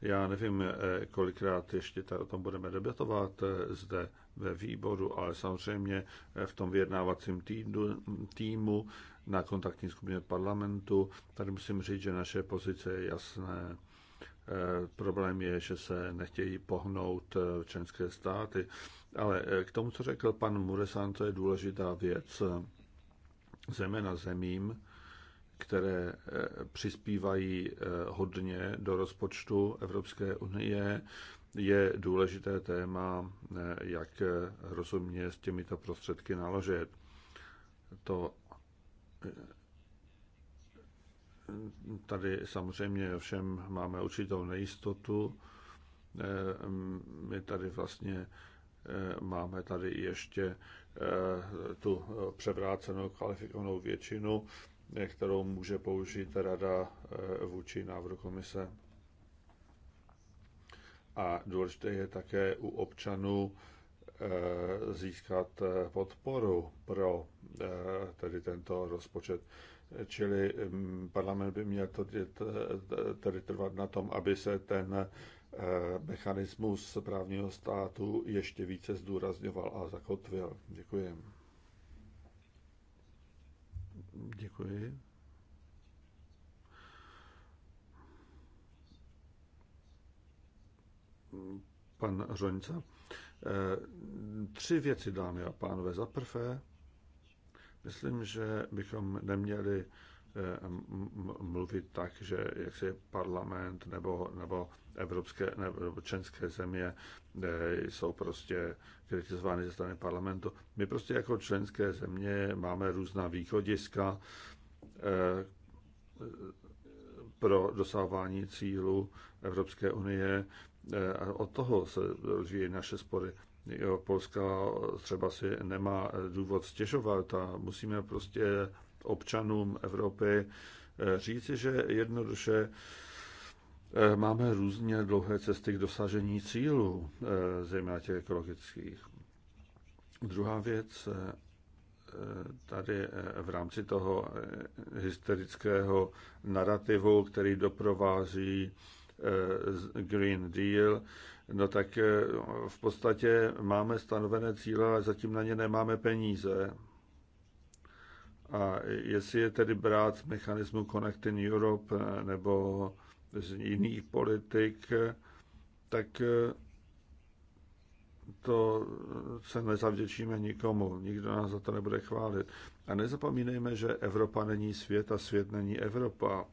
Já nevím, kolikrát ještě o tom budeme debatovat zde ve výboru, ale samozřejmě v tom vyjednávacím týdnu, týmu na kontaktní skupině parlamentu. Tady musím říct, že naše pozice je jasné. Problém je, že se nechtějí pohnout členské státy. Ale eh, k tomu, co řekl pan Muresan, to je důležitá věc. na zemím, které eh, přispívají eh, hodně do rozpočtu Evropské unie, je důležité téma, jak rozumně s těmito prostředky naložit. To tady samozřejmě všem máme určitou nejistotu. My tady vlastně Eh, máme tady ještě eh, tu eh, převrácenou kvalifikovanou většinu, kterou může použít rada vůči návrhu komise. A důležité je také u občanů získat podporu pro tedy tento rozpočet. Čili mm, parlament by měl tedy trvat na tom, aby se ten Eh, mechanismus právního státu ještě více zdůrazňoval a zakotvil. Děkuji. Děkuji. Pan Řoňca. Eh, tři věci, dámy a pánové. Za prvé, myslím, že bychom neměli Eh, mluvit tak, že jak se parlament nebo, nebo evropské nebo členské země eh, jsou prostě kritizovány ze strany parlamentu. My prostě jako členské země máme různá východiska eh, pro dosávání cílu Evropské unie a od toho se rozvíjí naše spory. Polska třeba si nemá důvod stěžovat a musíme prostě občanům Evropy eh, říci, že jednoduše eh, máme různě dlouhé cesty k dosažení cílů, eh, zejména těch ekologických. Druhá věc, tady v rámci toho hysterického narrativu, který doprovází Green Deal, no tak v podstatě máme stanovené cíle, ale zatím na ně nemáme peníze. A jestli je tedy brát z mechanismu Connecting Europe eh, nebo z jiných politik, tak eh, to se nezavděčíme nikomu. Nikdo nás za to nebude chválit. A nezapomínejme, že Evropa není svět a svět není Evropa.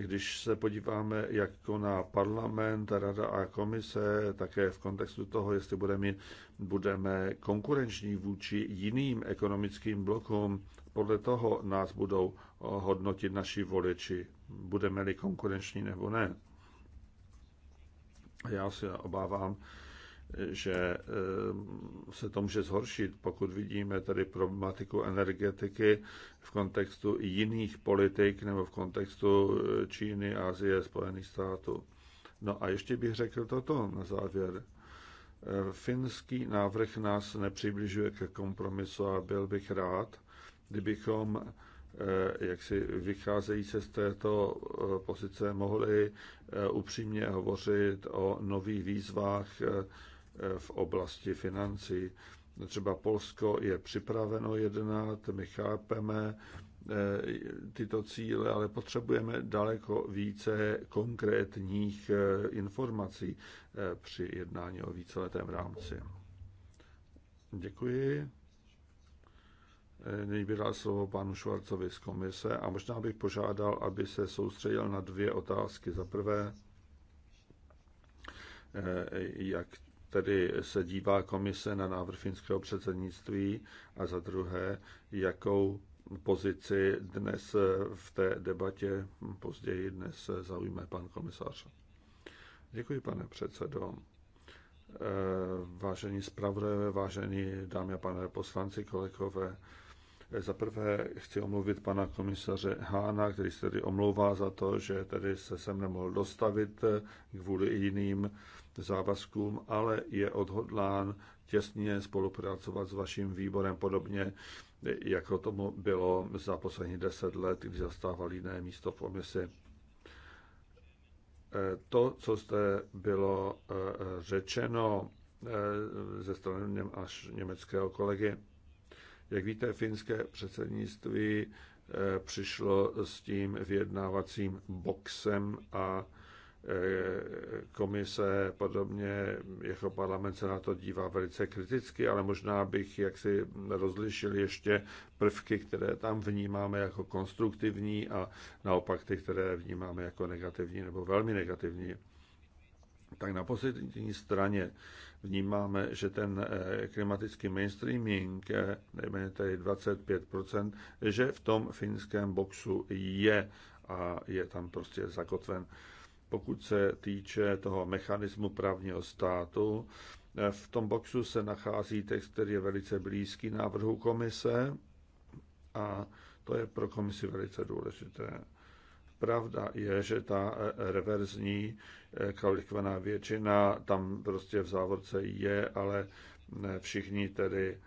Když se podíváme jako na parlament, rada a komise, také v kontextu toho, jestli budeme, budeme konkurenční vůči jiným ekonomickým blokům, podle toho nás budou hodnotit naši voliči, budeme-li konkurenční nebo ne. Já se obávám, že eh, se to může zhoršit, pokud vidíme tady problematiku energetiky v kontextu jiných politik nebo v kontextu eh, Číny, Asie, Spojených států. No a ještě bych řekl toto na závěr. Eh, finský návrh nás nepřibližuje ke kompromisu a byl bych rád, kdybychom jak si vycházejí se z této pozice, mohli upřímně hovořit o nových výzvách v oblasti financí. Třeba Polsko je připraveno jednat, my chápeme eh, tyto cíle, ale potřebujeme daleko více konkrétních eh, informací eh, při jednání o víceletém rámci. Děkuji. Nyní bych dal slovo panu Švarcovi z komise a možná bych požádal, aby se soustředil na dvě otázky. Za prvé, jak tedy se dívá komise na návrh finského předsednictví a za druhé, jakou pozici dnes v té debatě, později dnes zaujme pan komisař. Děkuji, pane předsedo. Eh, vážení zpravodajové, vážení dámy a pane poslanci, kolegové, eh, za prvé chci omluvit pana komisaře Hána, který se tedy omlouvá za to, že tedy se sem nemohl dostavit eh, kvůli jiným závazkům, ale je odhodlán těsně spolupracovat s vaším výborem podobně, jako tomu bylo za poslední deset let, kdy zastával jiné místo v komisi. Eh, to, co zde bylo eh, řečeno eh, ze strany až německého kolegy, jak víte, finské předsednictví přišlo s tím vyjednávacím boxem a Eh, komise, podobně jako parlament se na to dívá velice kriticky, ale možná bych jaksi rozlišil ještě prvky, které tam vnímáme jako konstruktivní a naopak ty, které vnímáme jako negativní nebo velmi negativní. Tak na pozitivní straně vnímáme, že ten eh, klimatický mainstreaming, eh, nejméně tady 25%, že v tom finském boxu je a je tam prostě zakotven pokud se týče toho mechanismu právního státu, eh, v tom boxu se nachází text, který je velice blízký návrhu komise a to je pro komisi velice důležité. Pravda je, že ta eh, reverzní eh, kvalifikovaná většina tam prostě v závorce je, ale všichni tedy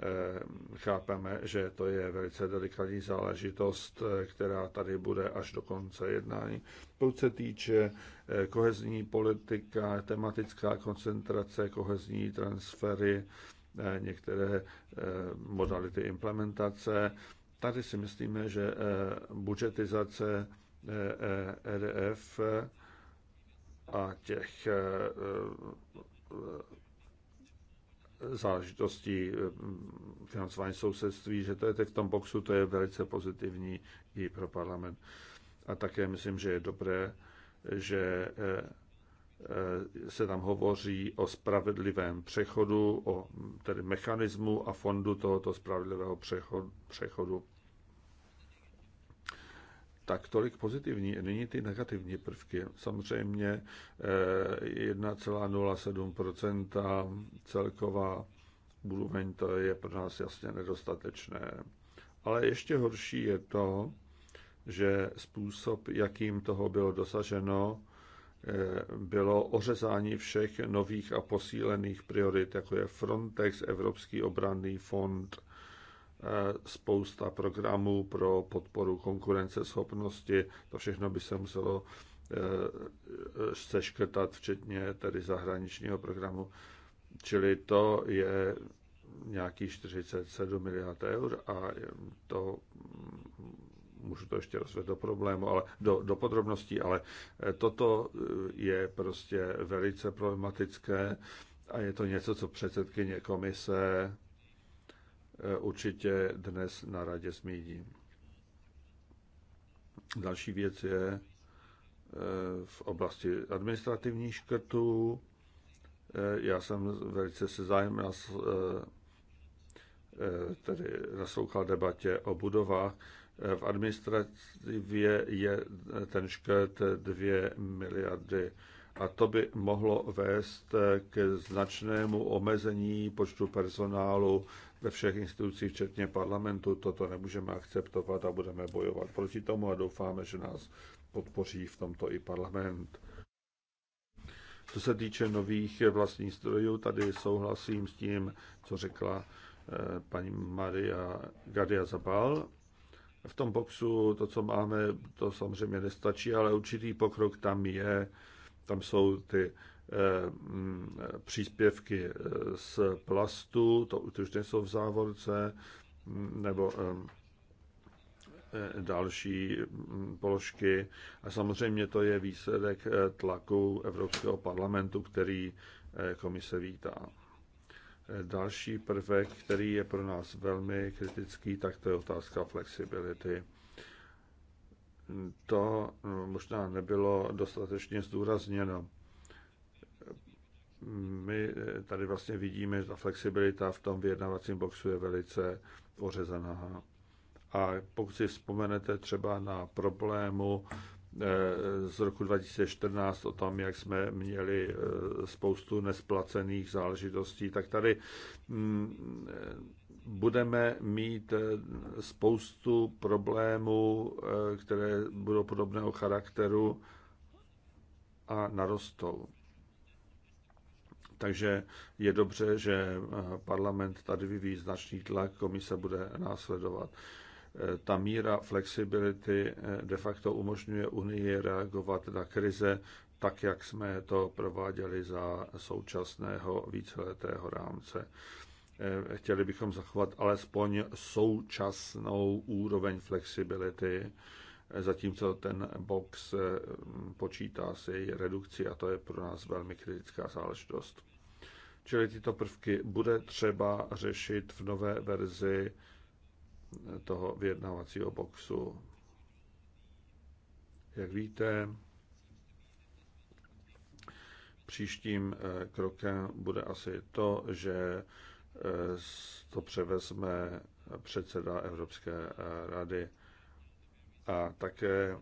Eh, chápeme, že to je velice delikatní záležitost, eh, která tady bude až do konce jednání. Pokud se týče eh, kohezní politika, tematická koncentrace, kohezní transfery, některé modality implementace, tady si myslíme, že budžetizace EDF e a těch záležitosti eh, financování sousedství, že to je teď v tom boxu, to je velice pozitivní i pro parlament. A také myslím, že je dobré, že eh, eh, se tam hovoří o spravedlivém přechodu, o tedy mechanismu a fondu tohoto spravedlivého přechodu tak tolik pozitivní. Nyní ty negativní prvky. Samozřejmě 1,07% eh, celková úroveň, to je pro nás jasně nedostatečné. Ale ještě horší je to, že způsob, jakým toho bylo dosaženo, eh, bylo ořezání všech nových a posílených priorit, jako je Frontex, Evropský obranný fond, spousta programů pro podporu konkurenceschopnosti. To všechno by se muselo eh, seškrtat, včetně tedy zahraničního programu. Čili to je nějakých 47 miliard eur a to můžu to ještě rozvést do problému, ale do, do podrobností, ale eh, toto eh, je prostě velice problematické a je to něco, co předsedkyně komise Eh, určitě dnes na radě zmíní. Další věc je eh, v oblasti administrativních škrtů. Eh, já jsem velice se zájem tedy naslouchal debatě o budovách. V administrativě je ten škrt 2 miliardy a to by mohlo vést k značnému omezení počtu personálu ve všech institucích, včetně parlamentu, toto nemůžeme akceptovat a budeme bojovat proti tomu a doufáme, že nás podpoří v tomto i parlament. Co se týče nových vlastních strojů, tady souhlasím s tím, co řekla eh, paní Maria Gadia Zabal. V tom boxu to, co máme, to samozřejmě nestačí, ale určitý pokrok tam je. Tam jsou ty Eh, příspěvky eh, z plastu, to, už nejsou v závorce, mm, nebo eh, další mm, položky. A samozřejmě to je výsledek tlaku Evropského parlamentu, který komise vítá. Další prvek, který je pro nás velmi kritický, tak to je otázka flexibility. To mm, možná nebylo dostatečně zdůrazněno my eh, tady vlastně vidíme, že ta flexibilita v tom vyjednavacím boxu je velice ořezaná. A pokud si vzpomenete třeba na problému eh, z roku 2014 o tom, jak jsme měli eh, spoustu nesplacených záležitostí, tak tady mm, budeme mít spoustu problémů, které budou podobného charakteru a narostou. Takže je dobře, že eh, parlament tady vyvíjí značný tlak, komise bude následovat. Eh, ta míra flexibility eh, de facto umožňuje Unii reagovat na krize tak, jak jsme to prováděli za současného víceletého rámce. Chtěli bychom zachovat alespoň současnou úroveň flexibility, zatímco ten box počítá si redukci a to je pro nás velmi kritická záležitost. Čili tyto prvky bude třeba řešit v nové verzi toho vyjednávacího boxu. Jak víte, příštím eh, krokem bude asi to, že eh, to převezme předseda Evropské eh, rady a také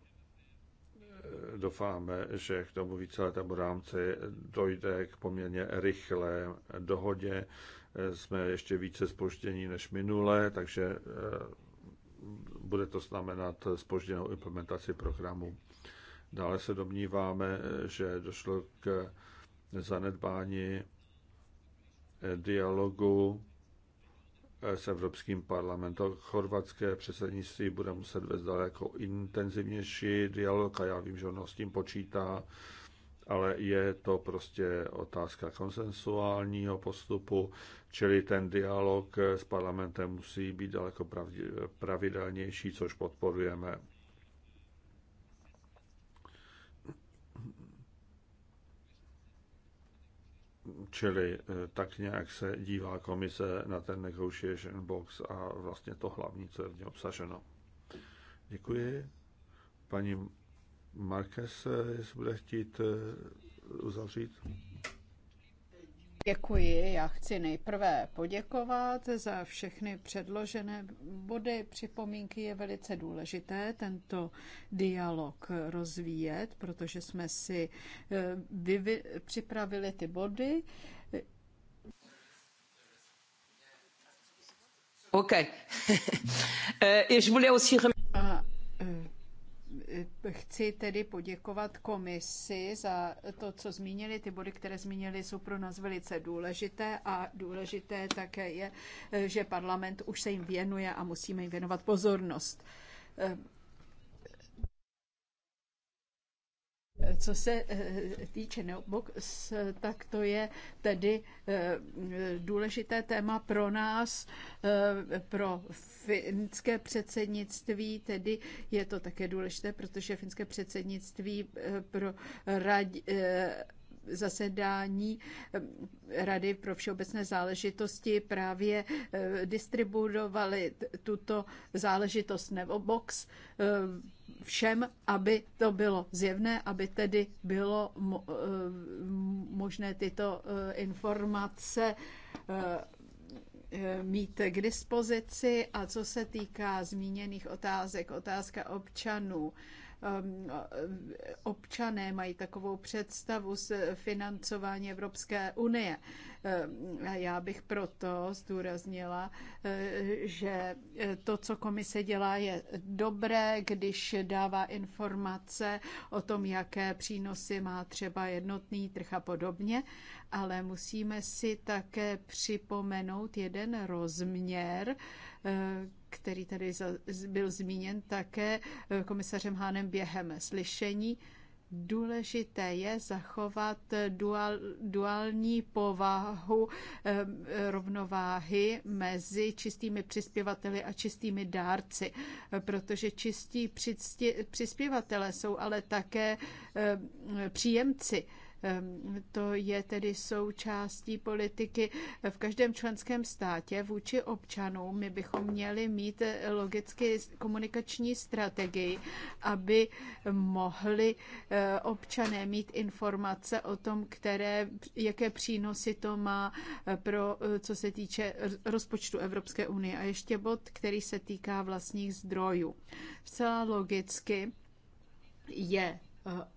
doufáme, že k tomu víceletému rámci dojde k poměrně rychlé dohodě. Jsme ještě více spoždění než minule, takže eh, bude to znamenat spožděnou implementaci programu. Dále se domníváme, že došlo k zanedbání dialogu s Evropským parlamentem. Chorvatské předsednictví bude muset vést daleko intenzivnější dialog a já vím, že ono s tím počítá, ale je to prostě otázka konsensuálního postupu, čili ten dialog s parlamentem musí být daleko pravidelnější, což podporujeme. Čili eh, tak nějak se dívá komise na ten negotiation box a vlastně to hlavní, co je v něm obsaženo. Děkuji. Paní Marques, jestli bude chtít eh, uzavřít. Děkuji. Já chci nejprve poděkovat za všechny předložené body. Připomínky je velice důležité tento dialog rozvíjet, protože jsme si eh, vyvi- připravili ty body. OK. Eh, je voulais aussi Chci tedy poděkovat komisi za to, co zmínili. Ty body, které zmínili, jsou pro nás velice důležité a důležité také je, že parlament už se jim věnuje a musíme jim věnovat pozornost. Co se eh, týče Neobox, tak to je tedy eh, důležité téma pro nás, eh, pro finské předsednictví, tedy je to také důležité, protože finské předsednictví pro radě zasedání Rady pro všeobecné záležitosti právě eh, distribuovali tuto záležitost nebo box eh, všem, aby to bylo zjevné, aby tedy bylo eh, možné tyto informace mít k dispozici. A co se týká zmíněných otázek, otázka občanů, Ehm, občané mají takovou představu z financování Evropské unie. Ehm, já bych proto zdůraznila, eh, že eh, to, co komise dělá, je dobré, když dává informace o tom, jaké přínosy má třeba jednotný trh a podobně, ale musíme si také připomenout jeden rozměr, eh, který tady byl zmíněn také eh, komisařem Hánem během slyšení. Důležité je zachovat eh, dual, duální povahu eh, rovnováhy mezi čistými přispěvateli a čistými dárci, protože čistí přispěvatele jsou ale také příjemci to je tedy součástí politiky v každém členském státě vůči občanům. My bychom měli mít logicky komunikační strategii, aby mohli eh, občané mít informace o tom, které, jaké přínosy to má eh, pro, eh, co se týče rozpočtu Evropské unie. A ještě bod, který se týká vlastních zdrojů. Vcela logicky je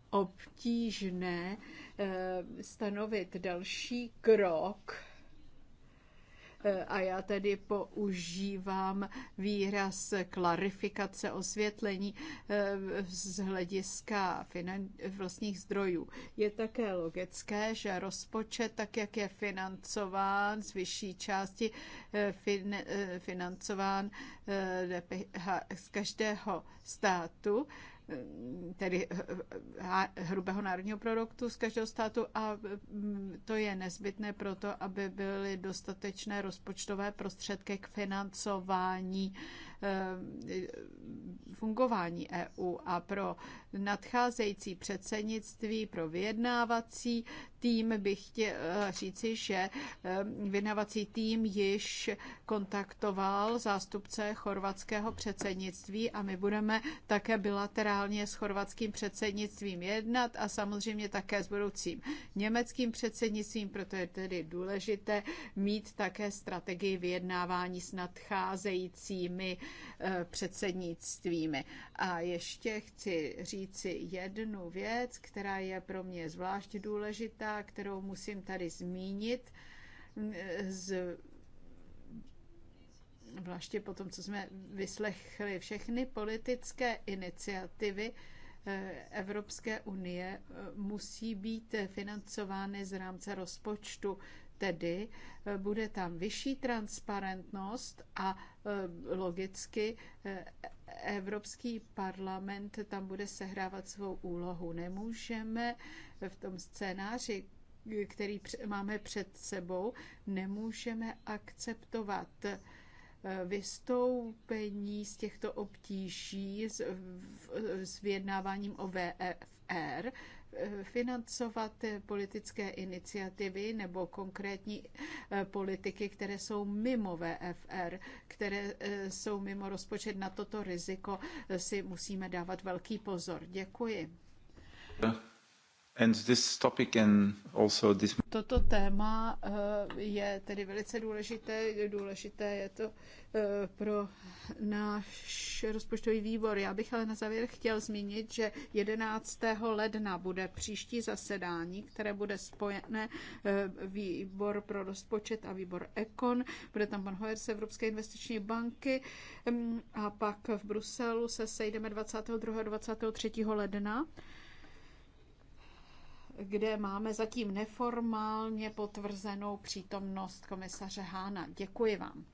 obtížné Eh, stanovit další krok, eh, a já tady používám výraz klarifikace, osvětlení eh, z hlediska vlastních zdrojů. Je také logické, že rozpočet, tak jak je financován, z vyšší části fin, financován z každého státu, Eh, tedy eh, eh, hrubého národního produktu z každého státu a mm, to je nezbytné proto, aby byly dostatečné rozpočtové prostředky k financování Eh, fungování EU a pro nadcházející předsednictví, pro vyjednávací tým bych chtěl říci, že eh, vyjednávací tým již kontaktoval zástupce chorvatského předsednictví a my budeme také bilaterálně s chorvatským předsednictvím jednat a samozřejmě také s budoucím německým předsednictvím, proto je tedy důležité mít také strategii vyjednávání s nadcházejícími Eh, předsednictvími. A ještě chci říci jednu věc, která je pro mě zvlášť důležitá, kterou musím tady zmínit. Mm, eh, z Vlastně po tom, co jsme vyslechli všechny politické iniciativy, eh, Evropské unie musí být financovány z rámce rozpočtu. Tedy eh, bude tam vyšší transparentnost a eh, logicky eh, Evropský parlament tam bude sehrávat svou úlohu. Nemůžeme v tom scénáři, který máme před sebou, nemůžeme akceptovat vystoupení z těchto obtíží s, vyjednáváním o VFR, Eh, financovat eh, politické iniciativy nebo konkrétní eh, politiky, které jsou mimo VFR, které jsou mimo rozpočet na toto riziko, si musíme dávat velký pozor. Děkuji. Toto téma eh, je tedy velice důležité. Důležité je to eh, pro náš rozpočtový výbor. Já bych ale na závěr chtěl zmínit, že 11. ledna bude příští zasedání, které bude spojené eh, výbor pro rozpočet a výbor Ekon. Bude tam pan Hoer z Evropské investiční banky a pak v Bruselu se sejdeme 22. a 23. ledna kde máme zatím neformálně potvrzenou přítomnost komisaře Hána. Děkuji vám.